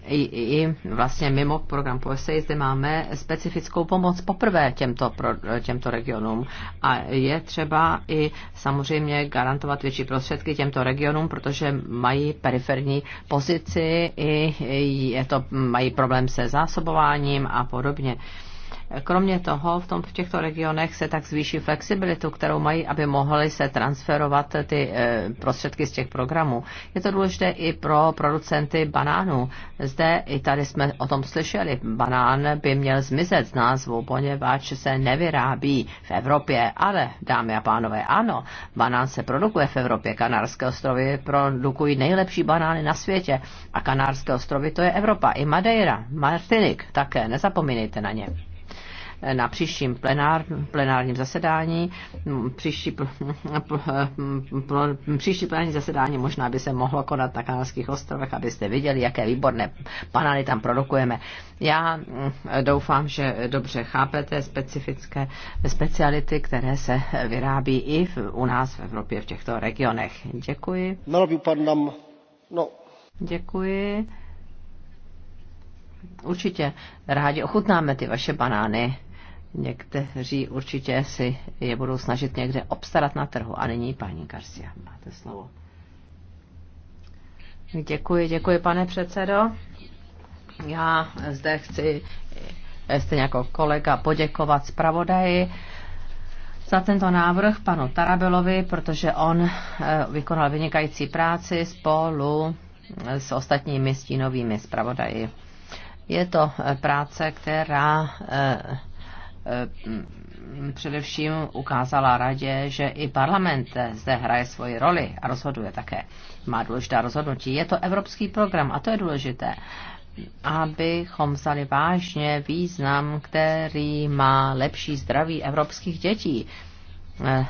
i, i vlastně mimo program POSE zde máme specifickou pomoc poprvé těmto, pro, těmto regionům. A je třeba i samozřejmě garantovat větší prostředky těmto regionům, protože mají periferní pozici, i je to, mají problém se zásobováním a podobně. Kromě toho v, tom, v těchto regionech se tak zvýší flexibilitu, kterou mají, aby mohly se transferovat ty eh, prostředky z těch programů. Je to důležité i pro producenty banánů. Zde i tady jsme o tom slyšeli. Banán by měl zmizet z názvu, poněvadž se nevyrábí v Evropě, ale dámy a pánové, ano, banán se produkuje v Evropě. Kanárské ostrovy produkují nejlepší banány na světě a Kanárské ostrovy to je Evropa. I Madeira, Martinik také, nezapomínejte na ně na příštím plenár, plenárním zasedání. Příští, příští plenární zasedání možná by se mohlo konat na Kanadských ostrovech, abyste viděli, jaké výborné panely tam produkujeme. Já mm, doufám, že dobře chápete specifické speciality, které se vyrábí i v, u nás v Evropě v těchto regionech. Děkuji. Narobil pan nám, no. Děkuji. Určitě rádi ochutnáme ty vaše banány. Někteří určitě si je budou snažit někde obstarat na trhu. A nyní paní Garcia, máte slovo. Děkuji, děkuji, pane předsedo. Já zde chci, stejně jako kolega, poděkovat zpravodaji za tento návrh panu Tarabelovi, protože on eh, vykonal vynikající práci spolu eh, s ostatními stínovými zpravodaji. Je to eh, práce, která Eh, mm, především ukázala radě, že i parlament eh, zde hraje svoji roli a rozhoduje také. Má důležitá rozhodnutí. Je to evropský program a to je důležité abychom vzali vážně význam, který má lepší zdraví evropských dětí. Eh,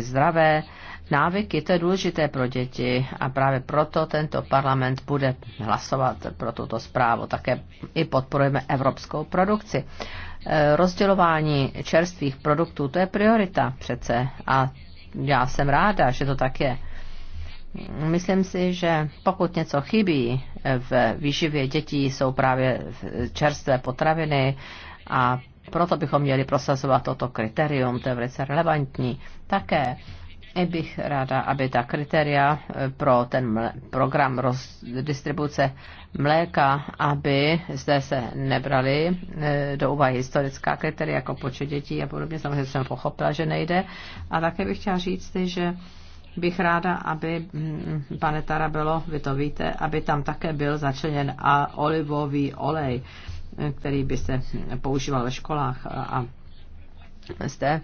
zdravé návyky, to je důležité pro děti a právě proto tento parlament bude hlasovat pro tuto zprávu. Také i podporujeme evropskou produkci. Eh, rozdělování čerstvých produktů, to je priorita přece a já jsem ráda, že to tak je. Myslím si, že pokud něco chybí eh, v výživě dětí, jsou právě čerstvé potraviny a proto bychom měli prosazovat toto kritérium, to je velice relevantní. Také bych ráda, aby ta kritéria eh, pro ten program distribuce mléka, aby zde se nebrali e, do úvahy historická kritéria jako počet dětí a podobně. Samozřejmě jsem pochopila, že nejde. A také bych chtěla říct, že bych ráda, aby, mm, pane bylo, vy to víte, aby tam také byl začleněn a olivový olej, e, který by se používal ve školách a zde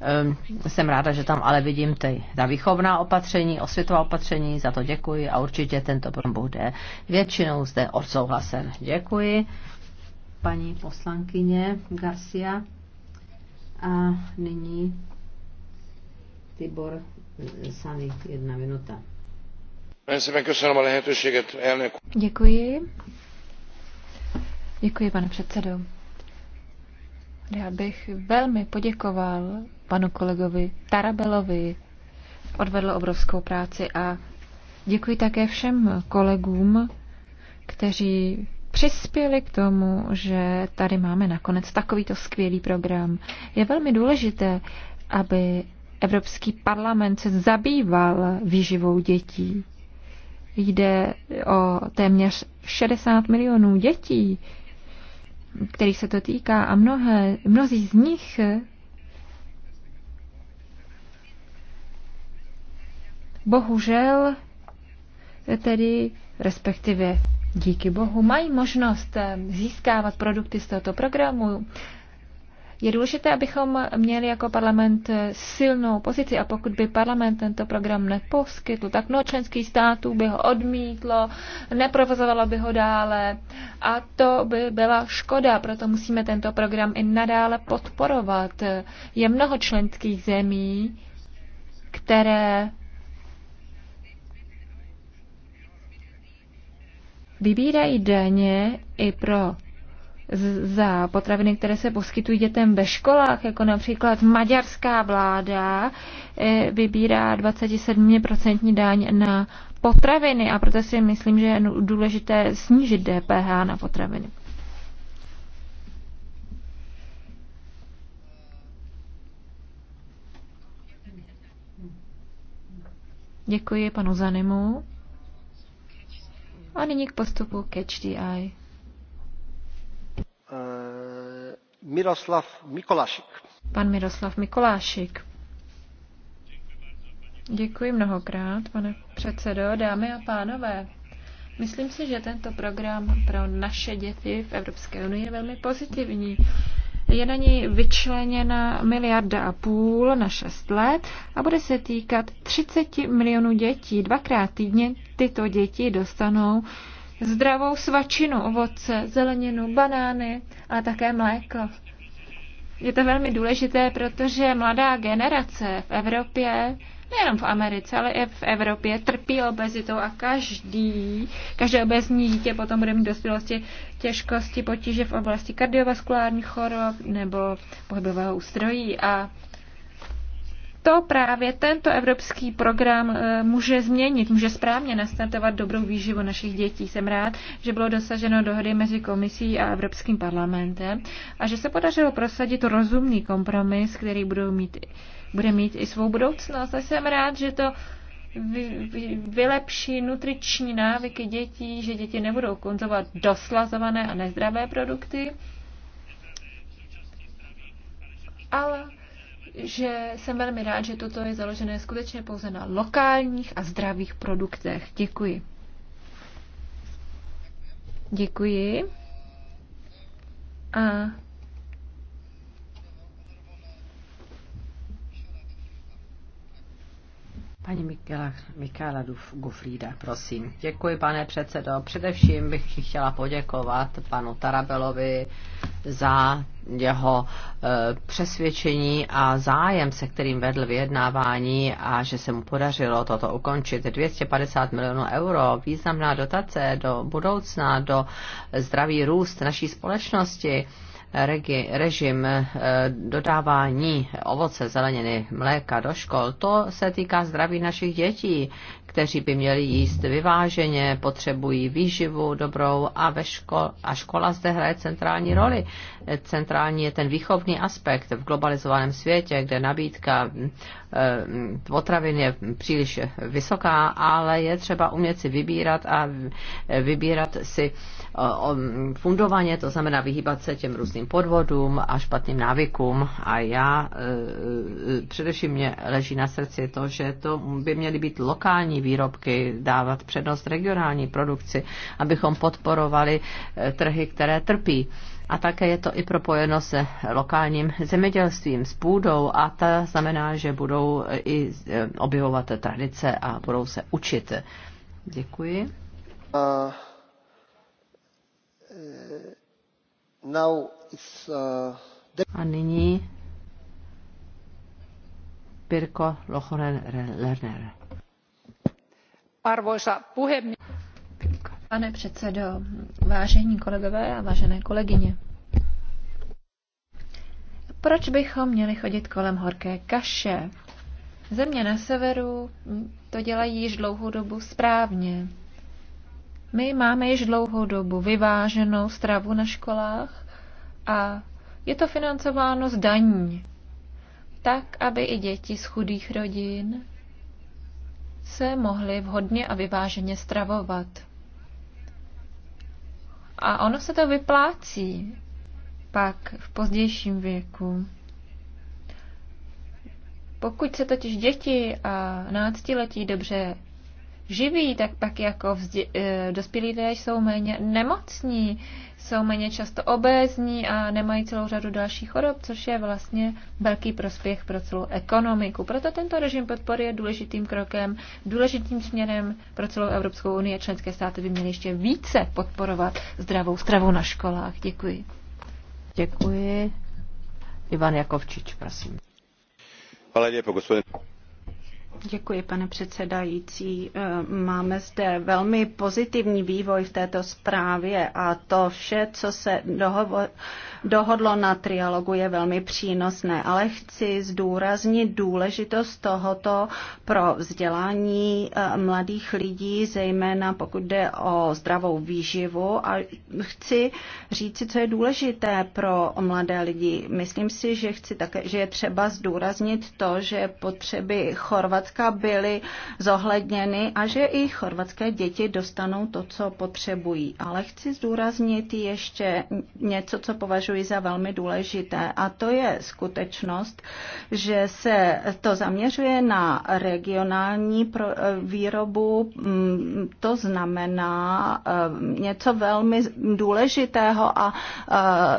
Ehm, jsem ráda, že tam ale vidím ty, ta výchovná opatření, osvětová opatření, za to děkuji a určitě tento problém bude většinou zde odsouhlasen. Děkuji, paní poslankyně Garcia. A nyní Tibor Sany, jedna minuta. Děkuji. Děkuji, pane předsedo. Já bych velmi poděkoval panu kolegovi Tarabelovi. Odvedl obrovskou práci a děkuji také všem kolegům, kteří přispěli k tomu, že tady máme nakonec takovýto skvělý program. Je velmi důležité, aby Evropský parlament se zabýval výživou dětí. Jde o téměř 60 milionů dětí, kterých se to týká a mnohé, mnozí z nich bohužel tedy respektive díky bohu mají možnost eh, získávat produkty z tohoto programu. Je důležité, abychom měli jako parlament eh, silnou pozici a pokud by parlament tento program neposkytl, tak no členský států by ho odmítlo, neprovozovalo by ho dále a to by byla škoda, proto musíme tento program i nadále podporovat. Je mnoho členských zemí, které vybírají daně i pro za potraviny, které se poskytují dětem ve školách, jako například maďarská vláda eh, vybírá 27% daň na potraviny a proto si myslím, že je důležité snížit DPH na potraviny. Děkuji panu Zanimu. A nyní k postupu ke HDI. Eh, Miroslav Mikolášik. Pan Miroslav Mikolášik. Děkuji mnohokrát, pane předsedo, dámy a pánové. Myslím si, že tento program pro naše děti v Evropské unii je velmi pozitivní. Je na ní vyčleněna miliarda a půl na 6 let a bude se týkat 30 milionů dětí. Dvakrát týdně tyto děti dostanou zdravou svačinu, ovoce, zeleninu, banány a také mléko. Je to velmi důležité, protože mladá generace v Evropě nejenom v Americe, ale i v Evropě, trpí obezitou a každý, každé obezní dítě potom bude mít dospělosti těžkosti, potíže v oblasti kardiovaskulárních chorob nebo pohybového ústrojí. A to právě tento evropský program eh, může změnit, může správně nastartovat dobrou výživu našich dětí. Jsem rád, že bylo dosaženo dohody mezi komisí a Evropským parlamentem a že se podařilo prosadit rozumný kompromis, který budou mít, bude mít i svou budoucnost. A jsem rád, že to vylepší nutriční návyky dětí, že děti nebudou konzumovat doslazované a nezdravé produkty. Ale že jsem velmi rád, že toto je založené skutečně pouze na lokálních a zdravých produktech. Děkuji. Děkuji. A Paní Michaela, Michaela Gufrída, prosím. Děkuji, pane předsedo. Především bych chtěla poděkovat panu Tarabelovi za jeho eh, přesvědčení a zájem, se kterým vedl vyjednávání a že se mu podařilo toto ukončit. 250 milionů euro, významná dotace do budoucna, do zdravý růst naší společnosti regi, režim eh, dodávání ovoce, zeleniny, mléka do škol, to se týká zdraví našich dětí, kteří by měli jíst vyváženě, potřebují výživu dobrou a, ve ško- a škola zde hraje centrální roli. Centrální je ten výchovný aspekt v globalizovaném světě, kde nabídka eh, potravin je příliš vysoká, ale je třeba umět si vybírat a vybírat si fundovaně, to znamená vyhýbat se těm různým podvodům a špatným návykům. A já e, e, především mě leží na srdci to, že to by měly být lokální výrobky, dávat přednost regionální produkci, abychom podporovali e, trhy, které trpí. A také je to i propojeno se lokálním zemědělstvím, s půdou a to znamená, že budou i objevovat tradice a budou se učit. Děkuji. Uh... Uh, a nyní Pirko Lohonen Lerner. Arvoisa puhemies. Pane předsedo, vážení kolegové a vážené kolegyně. Proč bychom měli chodit kolem horké kaše? Země na severu to dělají již dlouhou dobu správně. My máme již dlouhou dobu vyváženou stravu na školách a je to financováno z daní, tak, aby i děti z chudých rodin se mohly vhodně a vyváženě stravovat. A ono se to vyplácí pak v pozdějším věku. Pokud se totiž děti a náctiletí dobře živí, tak pak jako vzdě, eh, dospělí lidé jsou méně nemocní, jsou méně často obézní a nemají celou řadu dalších chorob, což je vlastně velký prospěch pro celou ekonomiku. Proto tento režim podpory je důležitým krokem, důležitým směrem pro celou Evropskou unii a členské státy by měly ještě více podporovat zdravou stravu na školách. Děkuji. Děkuji. Ivan Jakovčič, prosím. Hvala lijepo, gospodine Děkuji, pane předsedající. Eh, máme zde velmi pozitivní vývoj v této zprávě a to vše, co se dohodlo na trialogu, je velmi přínosné. Ale chci zdůraznit důležitost tohoto pro vzdělání eh, mladých lidí, zejména pokud jde o zdravou výživu. A chci říci, co je důležité pro mladé lidi. Myslím si, že, chci také, že je třeba zdůraznit to, že potřeby Chorvat Chorvatska byly zohledněny a že i chorvatské děti dostanou to, co potřebují. Ale chci zdůraznit ještě něco, co považuji za velmi důležité a to je skutečnost, že se to zaměřuje na regionální eh, výrobu. Mm, to znamená eh, něco velmi důležitého a eh,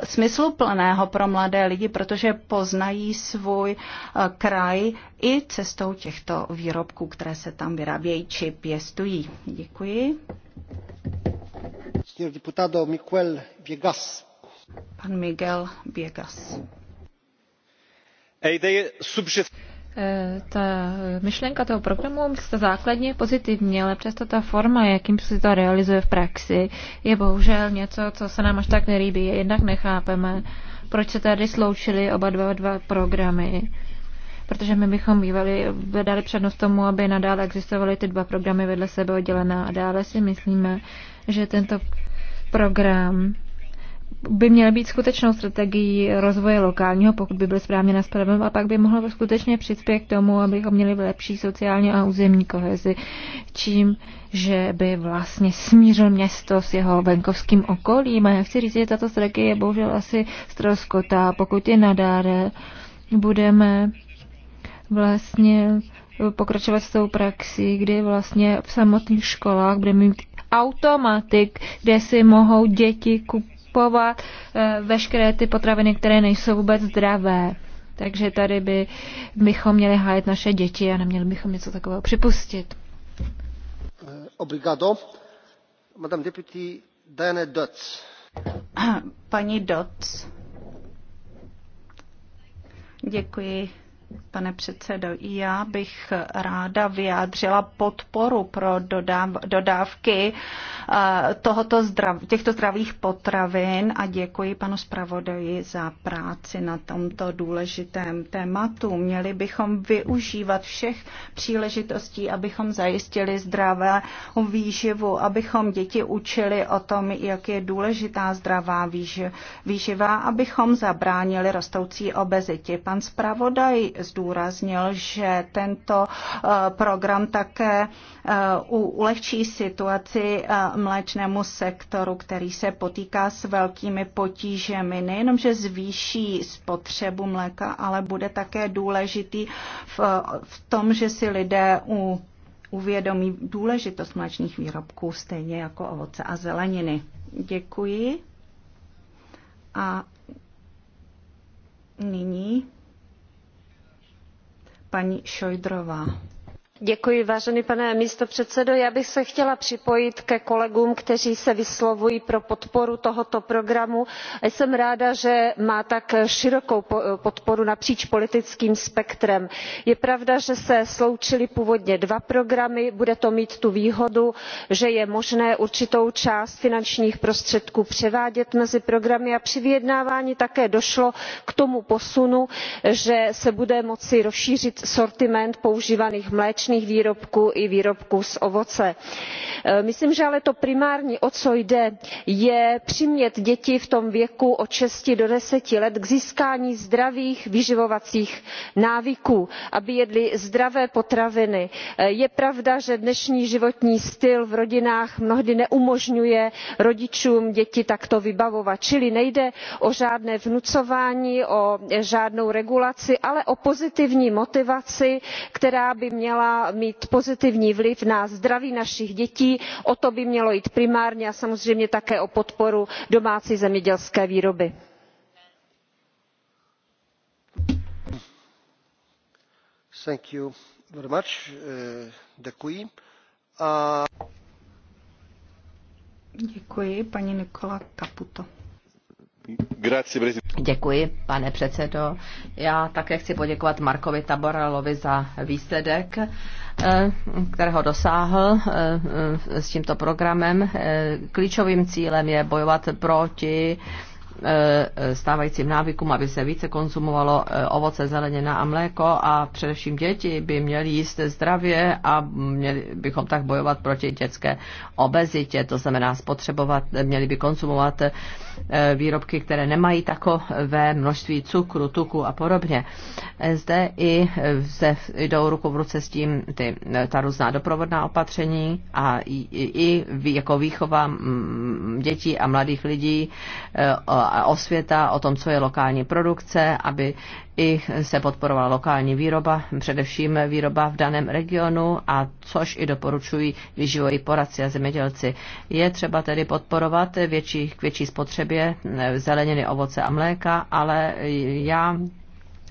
smysluplného pro mladé lidi, protože poznají svůj kraj i cestou těchto výrobků, které se tam vyrábějí či pěstují. Děkuji. Miguel Pan Miguel Viegas. Eh, ta myšlenka toho programu je základně pozitivní, ale přesto ta forma, jakým se to realizuje v praxi, je bohužel něco, co se nám až tak nelíbí. Jednak nechápeme, proč se tady sloučily oba dva, dva programy protože my bychom bývali, dali přednost tomu, aby nadále existovaly ty dva programy vedle sebe oddělená. A dále si myslíme, že tento program by měl být skutečnou strategií rozvoje lokálního, pokud by byl správně nastaven, a pak by mohlo skutečně přispět k tomu, abychom měli lepší sociální a územní kohezi, čím, že by vlastně smířil město s jeho venkovským okolím. A já chci říct, že tato strategie je bohužel asi stroskota, pokud je nadále budeme vlastně pokračovat s tou praxí, kdy vlastně v samotných školách bude mít automatik, kde si mohou děti kupovat eh, veškeré ty potraviny, které nejsou vůbec zdravé. Takže tady by, bychom měli hájet naše děti a neměli bychom něco takového připustit. Eh, obrigado. Madame deputy Diana Dots. Paní Dots. Děkuji pane předsedo. Já bych ráda vyjádřila podporu pro dodáv, dodávky eh, tohoto zdrav, těchto zdravých potravin a děkuji panu zpravodaji za práci na tomto důležitém tématu. Měli bychom využívat všech příležitostí, abychom zajistili zdravé výživu, abychom děti učili o tom, jak je důležitá zdravá výživa, abychom zabránili rostoucí obezitě. Pan zpravodaj zdůraznil, že tento eh, program také eh, ulehčí situaci eh, mléčnému sektoru, který se potýká s velkými potížemi. Nejenom, že zvýší spotřebu mléka, ale bude také důležitý v, v tom, že si lidé u uvědomí důležitost mléčných výrobků, stejně jako ovoce a zeleniny. Děkuji. A nyní paní Šojdrová pane předsedající já bych se chtěla připojit ke kolegům kteří se vyslovují pro podporu tohoto programu a jsem ráda že má tak širokou podporu napříč politickým spektrem. je pravda že se sloučily původně dva programy bude to mít tu výhodu že je možné určitou část finančních prostředků převádět mezi programy a při vyjednávání také došlo k tomu posunu že se bude moci rozšířit sortiment používaných mléčných výrobků mléčných výrobků i výrobků z ovoce. E, myslím že ale to primární o co jde je přimět děti v tom věku od six do ten let k získání zdravých výživovacích návyků aby jedly zdravé potraviny. E, je pravda že dnešní životní styl v rodinách mnohdy neumožňuje rodičům děti takto vybavovat čili nejde o žádné vnucování o žádnou regulaci ale o pozitivní motivaci která by měla mít pozitivní vliv na zdraví našich dětí o to by mělo jít primárně a samozřejmě také o podporu domácí zemědělské výroby. Eh, děkuji. Nikola Caputo. Děkuji, pane předsedo. Já také chci poděkovat Markovi Taboralovi za výsledek, eh, kterého dosáhl eh, eh, s tímto programem. Klíčovým cílem je bojovat proti E, e, stávajícím návykům, aby se více konzumovalo e, ovoce, zelenina a mléko a především děti by měly jíst zdravě a měli bychom tak bojovat proti dětské obezitě, to znamená spotřebovat, měli by konzumovat výrobky, které nemají takové množství cukru, tuku a podobně. Zde i se jdou ruku v ruce s tím ty, ta různá doprovodná opatření a i, i jako výchova dětí a mladých lidí osvěta o tom, co je lokální produkce, aby i se podporovala lokální výroba, především výroba v daném regionu, a což i doporučují výživoví poradci a zemědělci. Je třeba tedy podporovat větší, k větší spotřebě eh, zeleniny, ovoce a mléka, ale já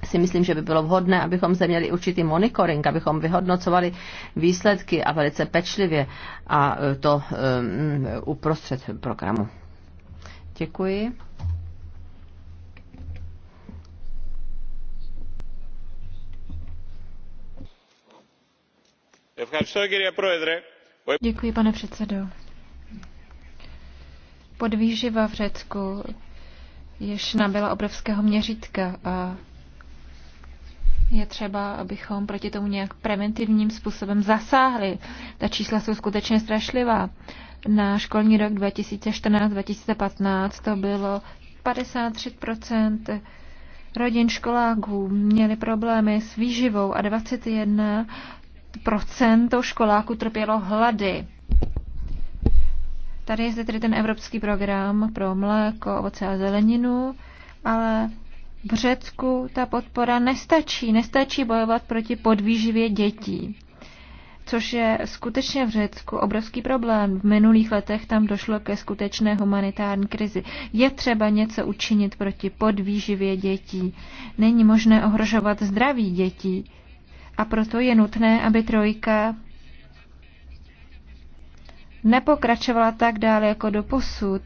si myslím, že by bylo vhodné, abychom se měli určitý monitoring, abychom vyhodnocovali výsledky a velice pečlivě a eh, to um, uprostřed programu. Děkuji. Děkuji, pane předsedající Podvýživa v Řecku již nabyla obrovského měřítka a je třeba, abychom proti tomu nějak preventivním způsobem zasáhli. Ta čísla jsou skutečně strašlivá. Na školní rok 2014-2015 to bylo 53 rodin školáků měly problémy s výživou a 21 školáků trpělo hlady. Tady je zde tedy ten evropský program pro mléko, ovoce a zeleninu, ale v Řecku ta podpora nestačí. Nestačí bojovat proti podvýživě dětí, což je skutečně v Řecku obrovský problém. V minulých letech tam došlo ke skutečné humanitární krizi. Je třeba něco učinit proti podvýživě dětí. Není možné ohrožovat zdraví dětí. A proto je nutné, aby trojka nepokračovala tak dále jako do posud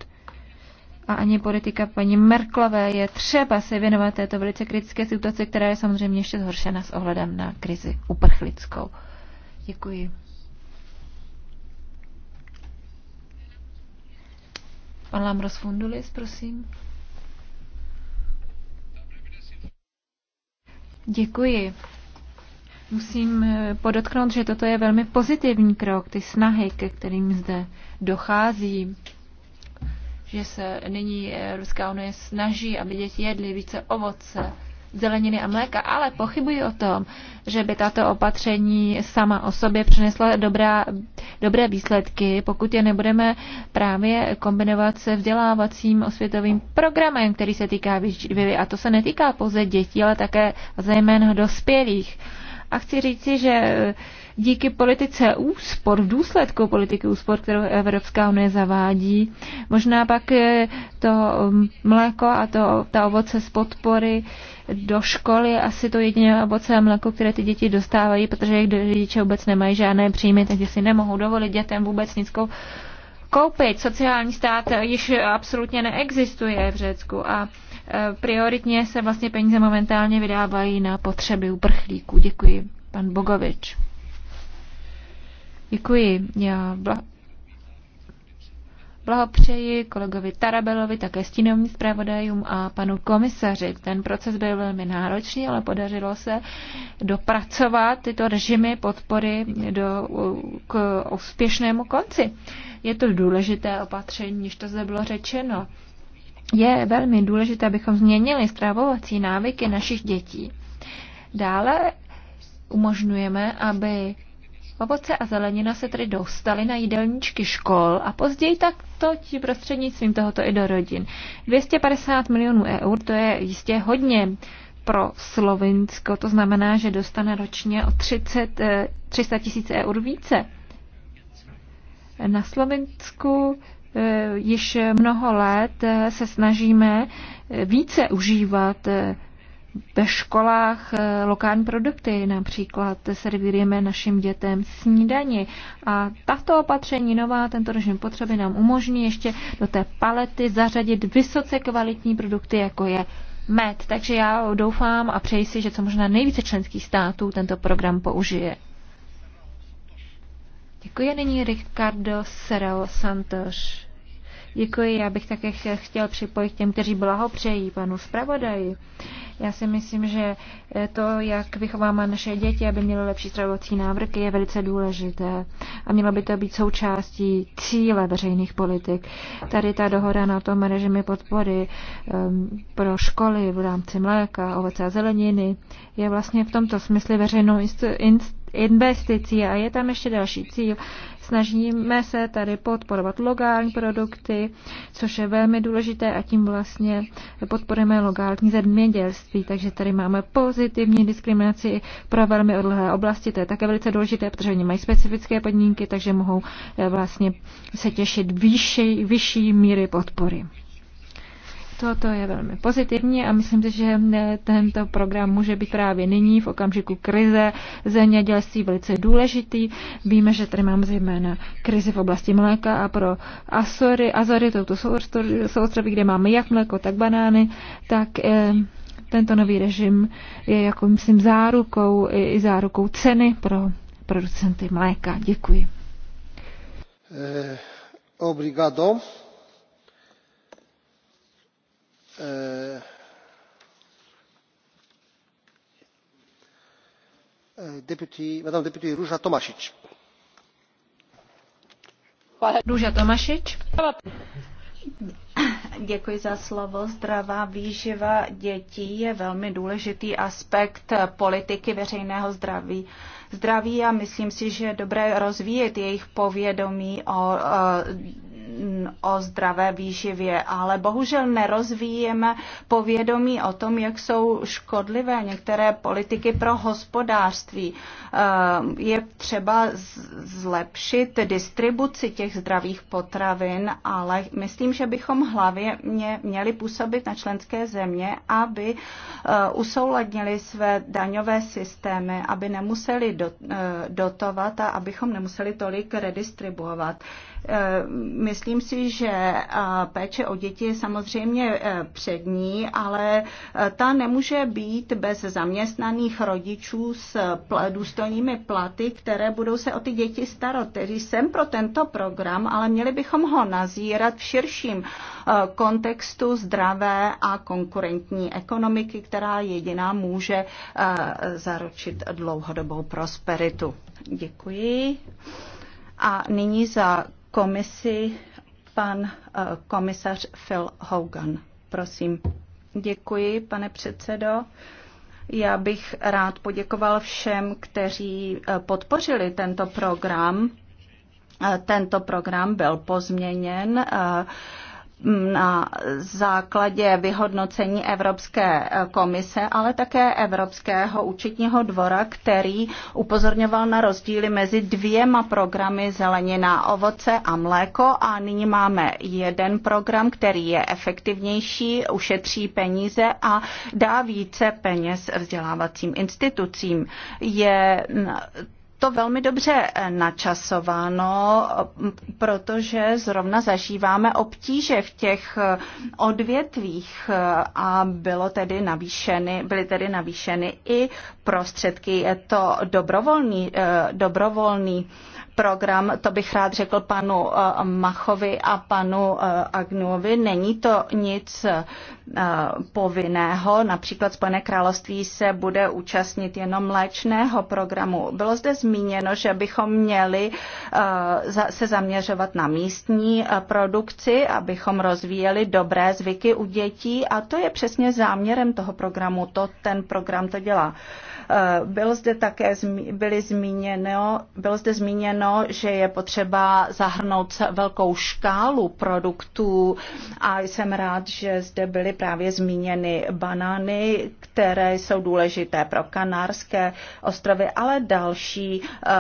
a ani politika paní Merklové je třeba se věnovat této velice kritické situaci, která je samozřejmě ještě zhoršena s ohledem na krizi uprchlickou. Děkuji. Pan Lambros Fundulis, prosím. Děkuji. Musím eh, podotknout, že toto je velmi pozitivní krok, ty snahy, ke kterým zde dochází, že se nyní eh, Ruská unie snaží, aby děti jedly více ovoce, zeleniny a mléka, ale pochybuji o tom, že by tato opatření sama o sobě přinesla dobrá, dobré výsledky, pokud je nebudeme právě kombinovat se vzdělávacím osvětovým programem, který se týká výživy. A to se netýká pouze dětí, ale také zejména dospělých. Uh, a chci říci, že e, díky politice úspor, v důsledku politiky úspor, kterou Evropská unie zavádí, možná pak e, to mléko a to, ta ovoce z podpory do školy asi to jediné ovoce a mléko, které ty děti dostávají, protože jejich rodiče vůbec nemají žádné příjmy, takže si nemohou dovolit dětem vůbec nízkou koupit. Sociální stát již absolutně neexistuje v Řecku a e, prioritně se vlastně peníze momentálně vydávají na potřeby uprchlíků. Děkuji, pan Bogovič. Děkuji. Já blahopřeji kolegovi Tarabelovi, také stínovým zpravodajům a panu komisaři. Ten proces byl velmi náročný, ale podařilo se dopracovat tyto režimy podpory do, k úspěšnému konci. Je to důležité opatření, již to zde bylo řečeno. Je velmi důležité, abychom změnili stravovací návyky našich dětí. Dále umožňujeme, aby Ovoce a zelenina se tedy dostaly na jídelníčky škol a později tak to ti prostřednictvím tohoto i do rodin. 250 milionů eur, to je jistě hodně pro Slovinsko, to znamená, že dostane ročně o 30, 300 eh, tisíc eur více. Na Slovensku eh, již mnoho let eh, se snažíme více užívat ve školách eh, lokální produkty, například servírujeme našim dětem snídani. A tato opatření nová, tento režim potřeby nám umožní ještě do té palety zařadit vysoce kvalitní produkty, jako je med. Takže já doufám a přeji si, že co možná nejvíce členských států tento program použije. Děkuji, nyní Ricardo Serao Santos. Děkuji, já bych také chtěl připojit těm, kteří blahopřejí panu zpravodaji. Já si myslím, že eh, to, jak vychováme naše děti, aby měly lepší stravovací návrky, je velice důležité a mělo by to být součástí cíle veřejných politik. Tady ta dohoda na tom režimy podpory um, pro školy v rámci mléka, ovoce a zeleniny je vlastně v tomto smyslu veřejnou inst- inst- investicí. A je tam ještě další cíl. Snažíme se tady podporovat lokální produkty, což je velmi důležité a tím vlastně podporujeme lokální zemědělství. Takže tady máme pozitivní diskriminaci pro velmi odlehlé oblasti. To je také velice důležité, protože oni mají specifické podmínky, takže mohou eh, vlastně se těšit vyšší, vyšší míry podpory. To to je velmi pozitivní a myslím si, že eh, tento program může být právě nyní v okamžiku krize zemědělství velice důležitý. Víme, že tady máme zejména krizi v oblasti mléka a pro Azory, Azory jsou souostroví, kde máme jak mléko, tak banány, tak eh, tento nový režim je jako myslím zárukou i zárukou ceny pro producenty mléka. Děkuji. Eh, obrigado. Eh, Zdravá výživa dětí je velmi důležitý aspekt politiky veřejného zdraví. Zdraví a myslím si, že je dobré rozvíjet jejich povědomí o eh, o zdravé výživě, ale bohužel nerozvíjeme povědomí o tom, jak jsou škodlivé některé politiky pro hospodářství. Eh, je třeba zlepšit distribuci těch zdravých potravin, ale myslím, že bychom hlavně měli působit na členské země, aby eh, usouladnili své daňové systémy, aby nemuseli eh, dotovat a abychom nemuseli tolik redistribuovat. Eh, myslím si, že eh, péče o děti je samozřejmě eh, přední, ale ta nemůže být bez zaměstnaných rodičů s důstojnými platy, které budou se o ty děti starat. Tedy jsem pro tento program, ale měli bychom ho nazírat v širším kontextu zdravé a konkurentní ekonomiky, která jediná může zaručit dlouhodobou prosperitu. Děkuji. A nyní za komisi pan eh, komisař Phil Hogan. Prosím. Děkuji, pane předsedo. Já bych rád poděkoval všem, kteří eh, podpořili tento program. Eh, tento program byl pozměněn na základě vyhodnocení Evropské eh, komise, ale také Evropského účetního dvora, který upozorňoval na rozdíly mezi dvěma programy zelenina, ovoce a mléko a nyní máme jeden program, který je efektivnější, ušetří peníze a dá více peněz vzdělávacím institucím. Je to velmi dobře eh, načasováno, protože zrovna zažíváme obtíže v těch eh, odvětvích eh, a bylo tedy navýšeny, byly tedy navýšeny i prostředky. Je to dobrovolný, dobrovolný program, to bych rád řekl panu eh, Machovi a panu eh, Agnuovi, není to nic eh, povinného, například Spojené království se bude účastnit jenom léčného programu. Bylo zde zmíněno, že bychom měli se zaměřovat na místní produkci, abychom rozvíjeli dobré zvyky u dětí a to je přesně záměrem toho programu. To ten program to dělá. Eh, bylo zde také byly zmíněno, bylo zde zmíněno, že je potřeba zahrnout velkou škálu produktů a jsem rád, že zde byly právě zmíněny banány, které jsou důležité pro Kanárské ostrovy, ale další eh,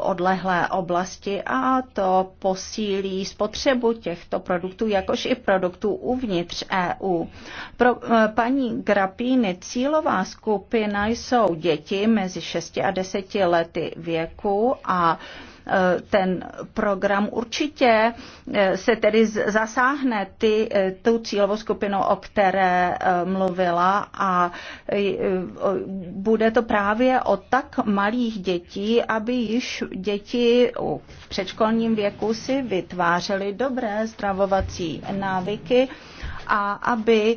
odlehlé oblasti a to posílí spotřebu těchto produktů, jakož i produktů uvnitř EU. Pro eh, paní Grapíny cílová skupina jsou děti mezi 6 a 10 lety věku a e, ten program určitě e, se tedy zasáhne ty, e, tu cílovou skupinu, o které mluvila a bude to právě o tak malých dětí, aby již děti v předškolním věku si vytvářely dobré stravovací návyky a aby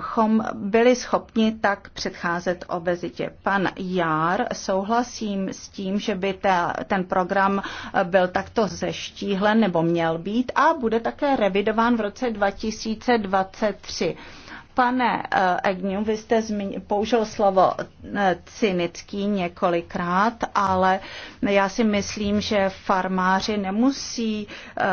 chom byli schopni tak předcházet obezitě. Pan Jár, souhlasím s tím, že by ta, ten program byl takto zeštíhlen nebo měl být a bude také revidován v roce 2023. Pane eh, Agnew, vy jste použil slovo eh, cynický několikrát, ale já si myslím, že farmáři nemusí eh,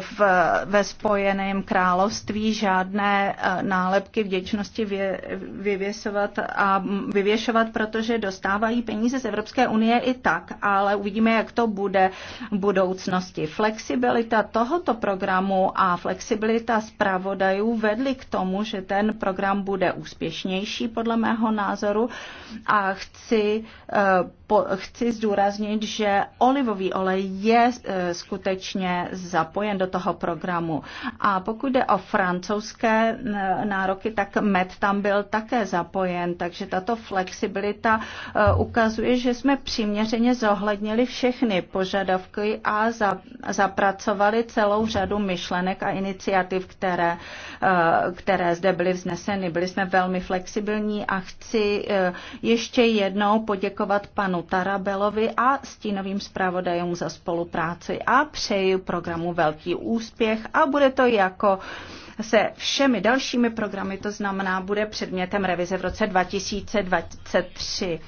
v, ve Spojeném království žádné nálepky vděčnosti vě, vyvěsovat a vyvěšovat, protože dostávají peníze z Evropské unie i tak, ale uvidíme, jak to bude v budoucnosti. Flexibilita tohoto programu a flexibilita zpravodajů vedly k tomu, že ten program bude úspěšnější podle mého názoru a chci, eh, po, chci zdůraznit, že olivový olej je eh, skutečně zapojen do toho programu. A pokud jde o francouzské eh, nároky, tak med tam byl také zapojen, takže tato flexibilita ukazuje, že jsme přiměřeně zohlednili všechny požadavky a zapracovali celou řadu myšlenek a iniciativ, které, které zde byly vzneseny. Byli jsme velmi flexibilní a chci eh, ještě jednou poděkovat panu Tarabelovi a stínovým zpravodajům za spolupráci a přeji programu velký úspěch a bude to jako se všemi dalšími programy, to znamená, bude předmětem revize v roce 2023.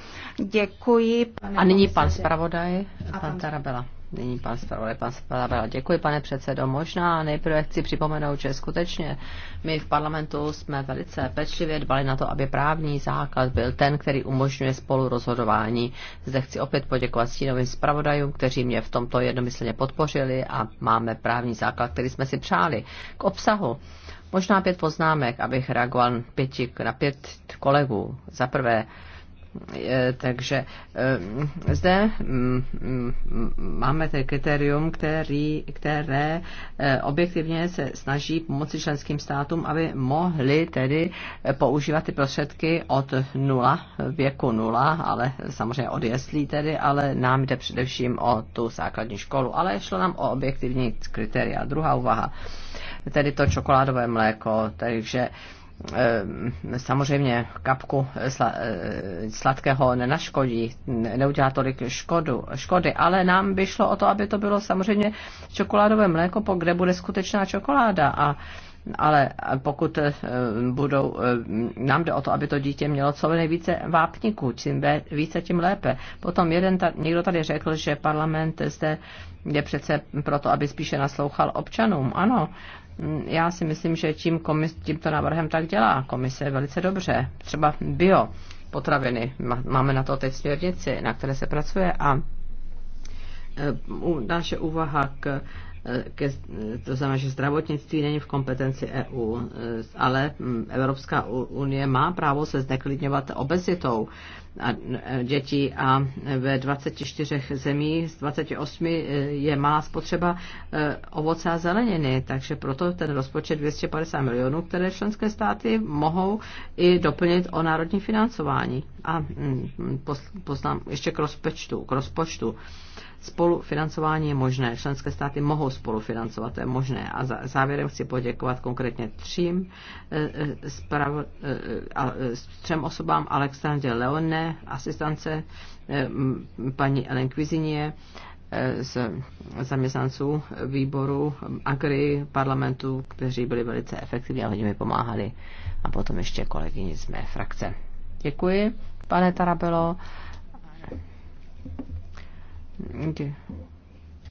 Děkuji. Pane a nyní pan zpravodaj, pan, pan Tarabela. Není pan zpravodaj, pan zpravodaj. Děkuji, pane předsedo. Možná nejprve chci připomenout, že skutečně my v parlamentu jsme velice pečlivě dbali na to, aby právní základ byl ten, který umožňuje spolu rozhodování. Zde chci opět poděkovat stínovým zpravodajům, kteří mě v tomto jednomyslně podpořili a máme právní základ, který jsme si přáli. K obsahu. Možná pět poznámek, abych reagoval pěti, na pět kolegů. Za prvé, Eh, takže eh, zde mm, mm, máme tedy kritérium, který, které eh, objektivně se snaží pomoci členským státům, aby mohli tedy používat ty prostředky od nula, věku nula, ale samozřejmě od jeslí tedy, ale nám jde především o tu základní školu, ale šlo nám o objektivní kritéria. Druhá uvaha tedy to čokoládové mléko, takže Ehm, samozřejmě kapku eh, sladkého nenaškodí, neudělá tolik škodu, škody, ale nám by šlo o to, aby to bylo samozřejmě čokoládové mléko, po kde bude skutečná čokoláda a ale pokud eh, budou, eh, nám jde o to, aby to dítě mělo co nejvíce vápníků, čím více, tím lépe. Potom jeden, někdo tady řekl, že parlament zde je přece proto, aby spíše naslouchal občanům. Ano, já si myslím, že tím komis, tímto návrhem tak dělá komise velice dobře. Třeba bio potraviny, máme na to teď směrnici, na které se pracuje a e, naše úvaha k ke, to znamená, že zdravotnictví není v kompetenci EU, ale hm, Evropská unie má právo se zneklidňovat obezitou a e, dětí a ve 24 zemí z 28 e, je malá spotřeba e, ovoce a zeleniny, takže proto ten rozpočet 250 milionů, které členské státy mohou i doplnit o národní financování. A hm, hm, poznám ještě k rozpočtu. K rozpočtu Spolufinancování je možné, členské státy mohou spolufinancovat, to je možné. A závěrem chci poděkovat konkrétně třím, sprav, eh, eh, eh, třem osobám, Alexandře Leone, asistance paní Ellen Kvizinie, z zaměstnanců výboru agri parlamentu, kteří byli velice efektivní a hodně mi pomáhali. A potom ještě kolegyni z mé frakce. Děkuji, pane Tarabelo. Okay.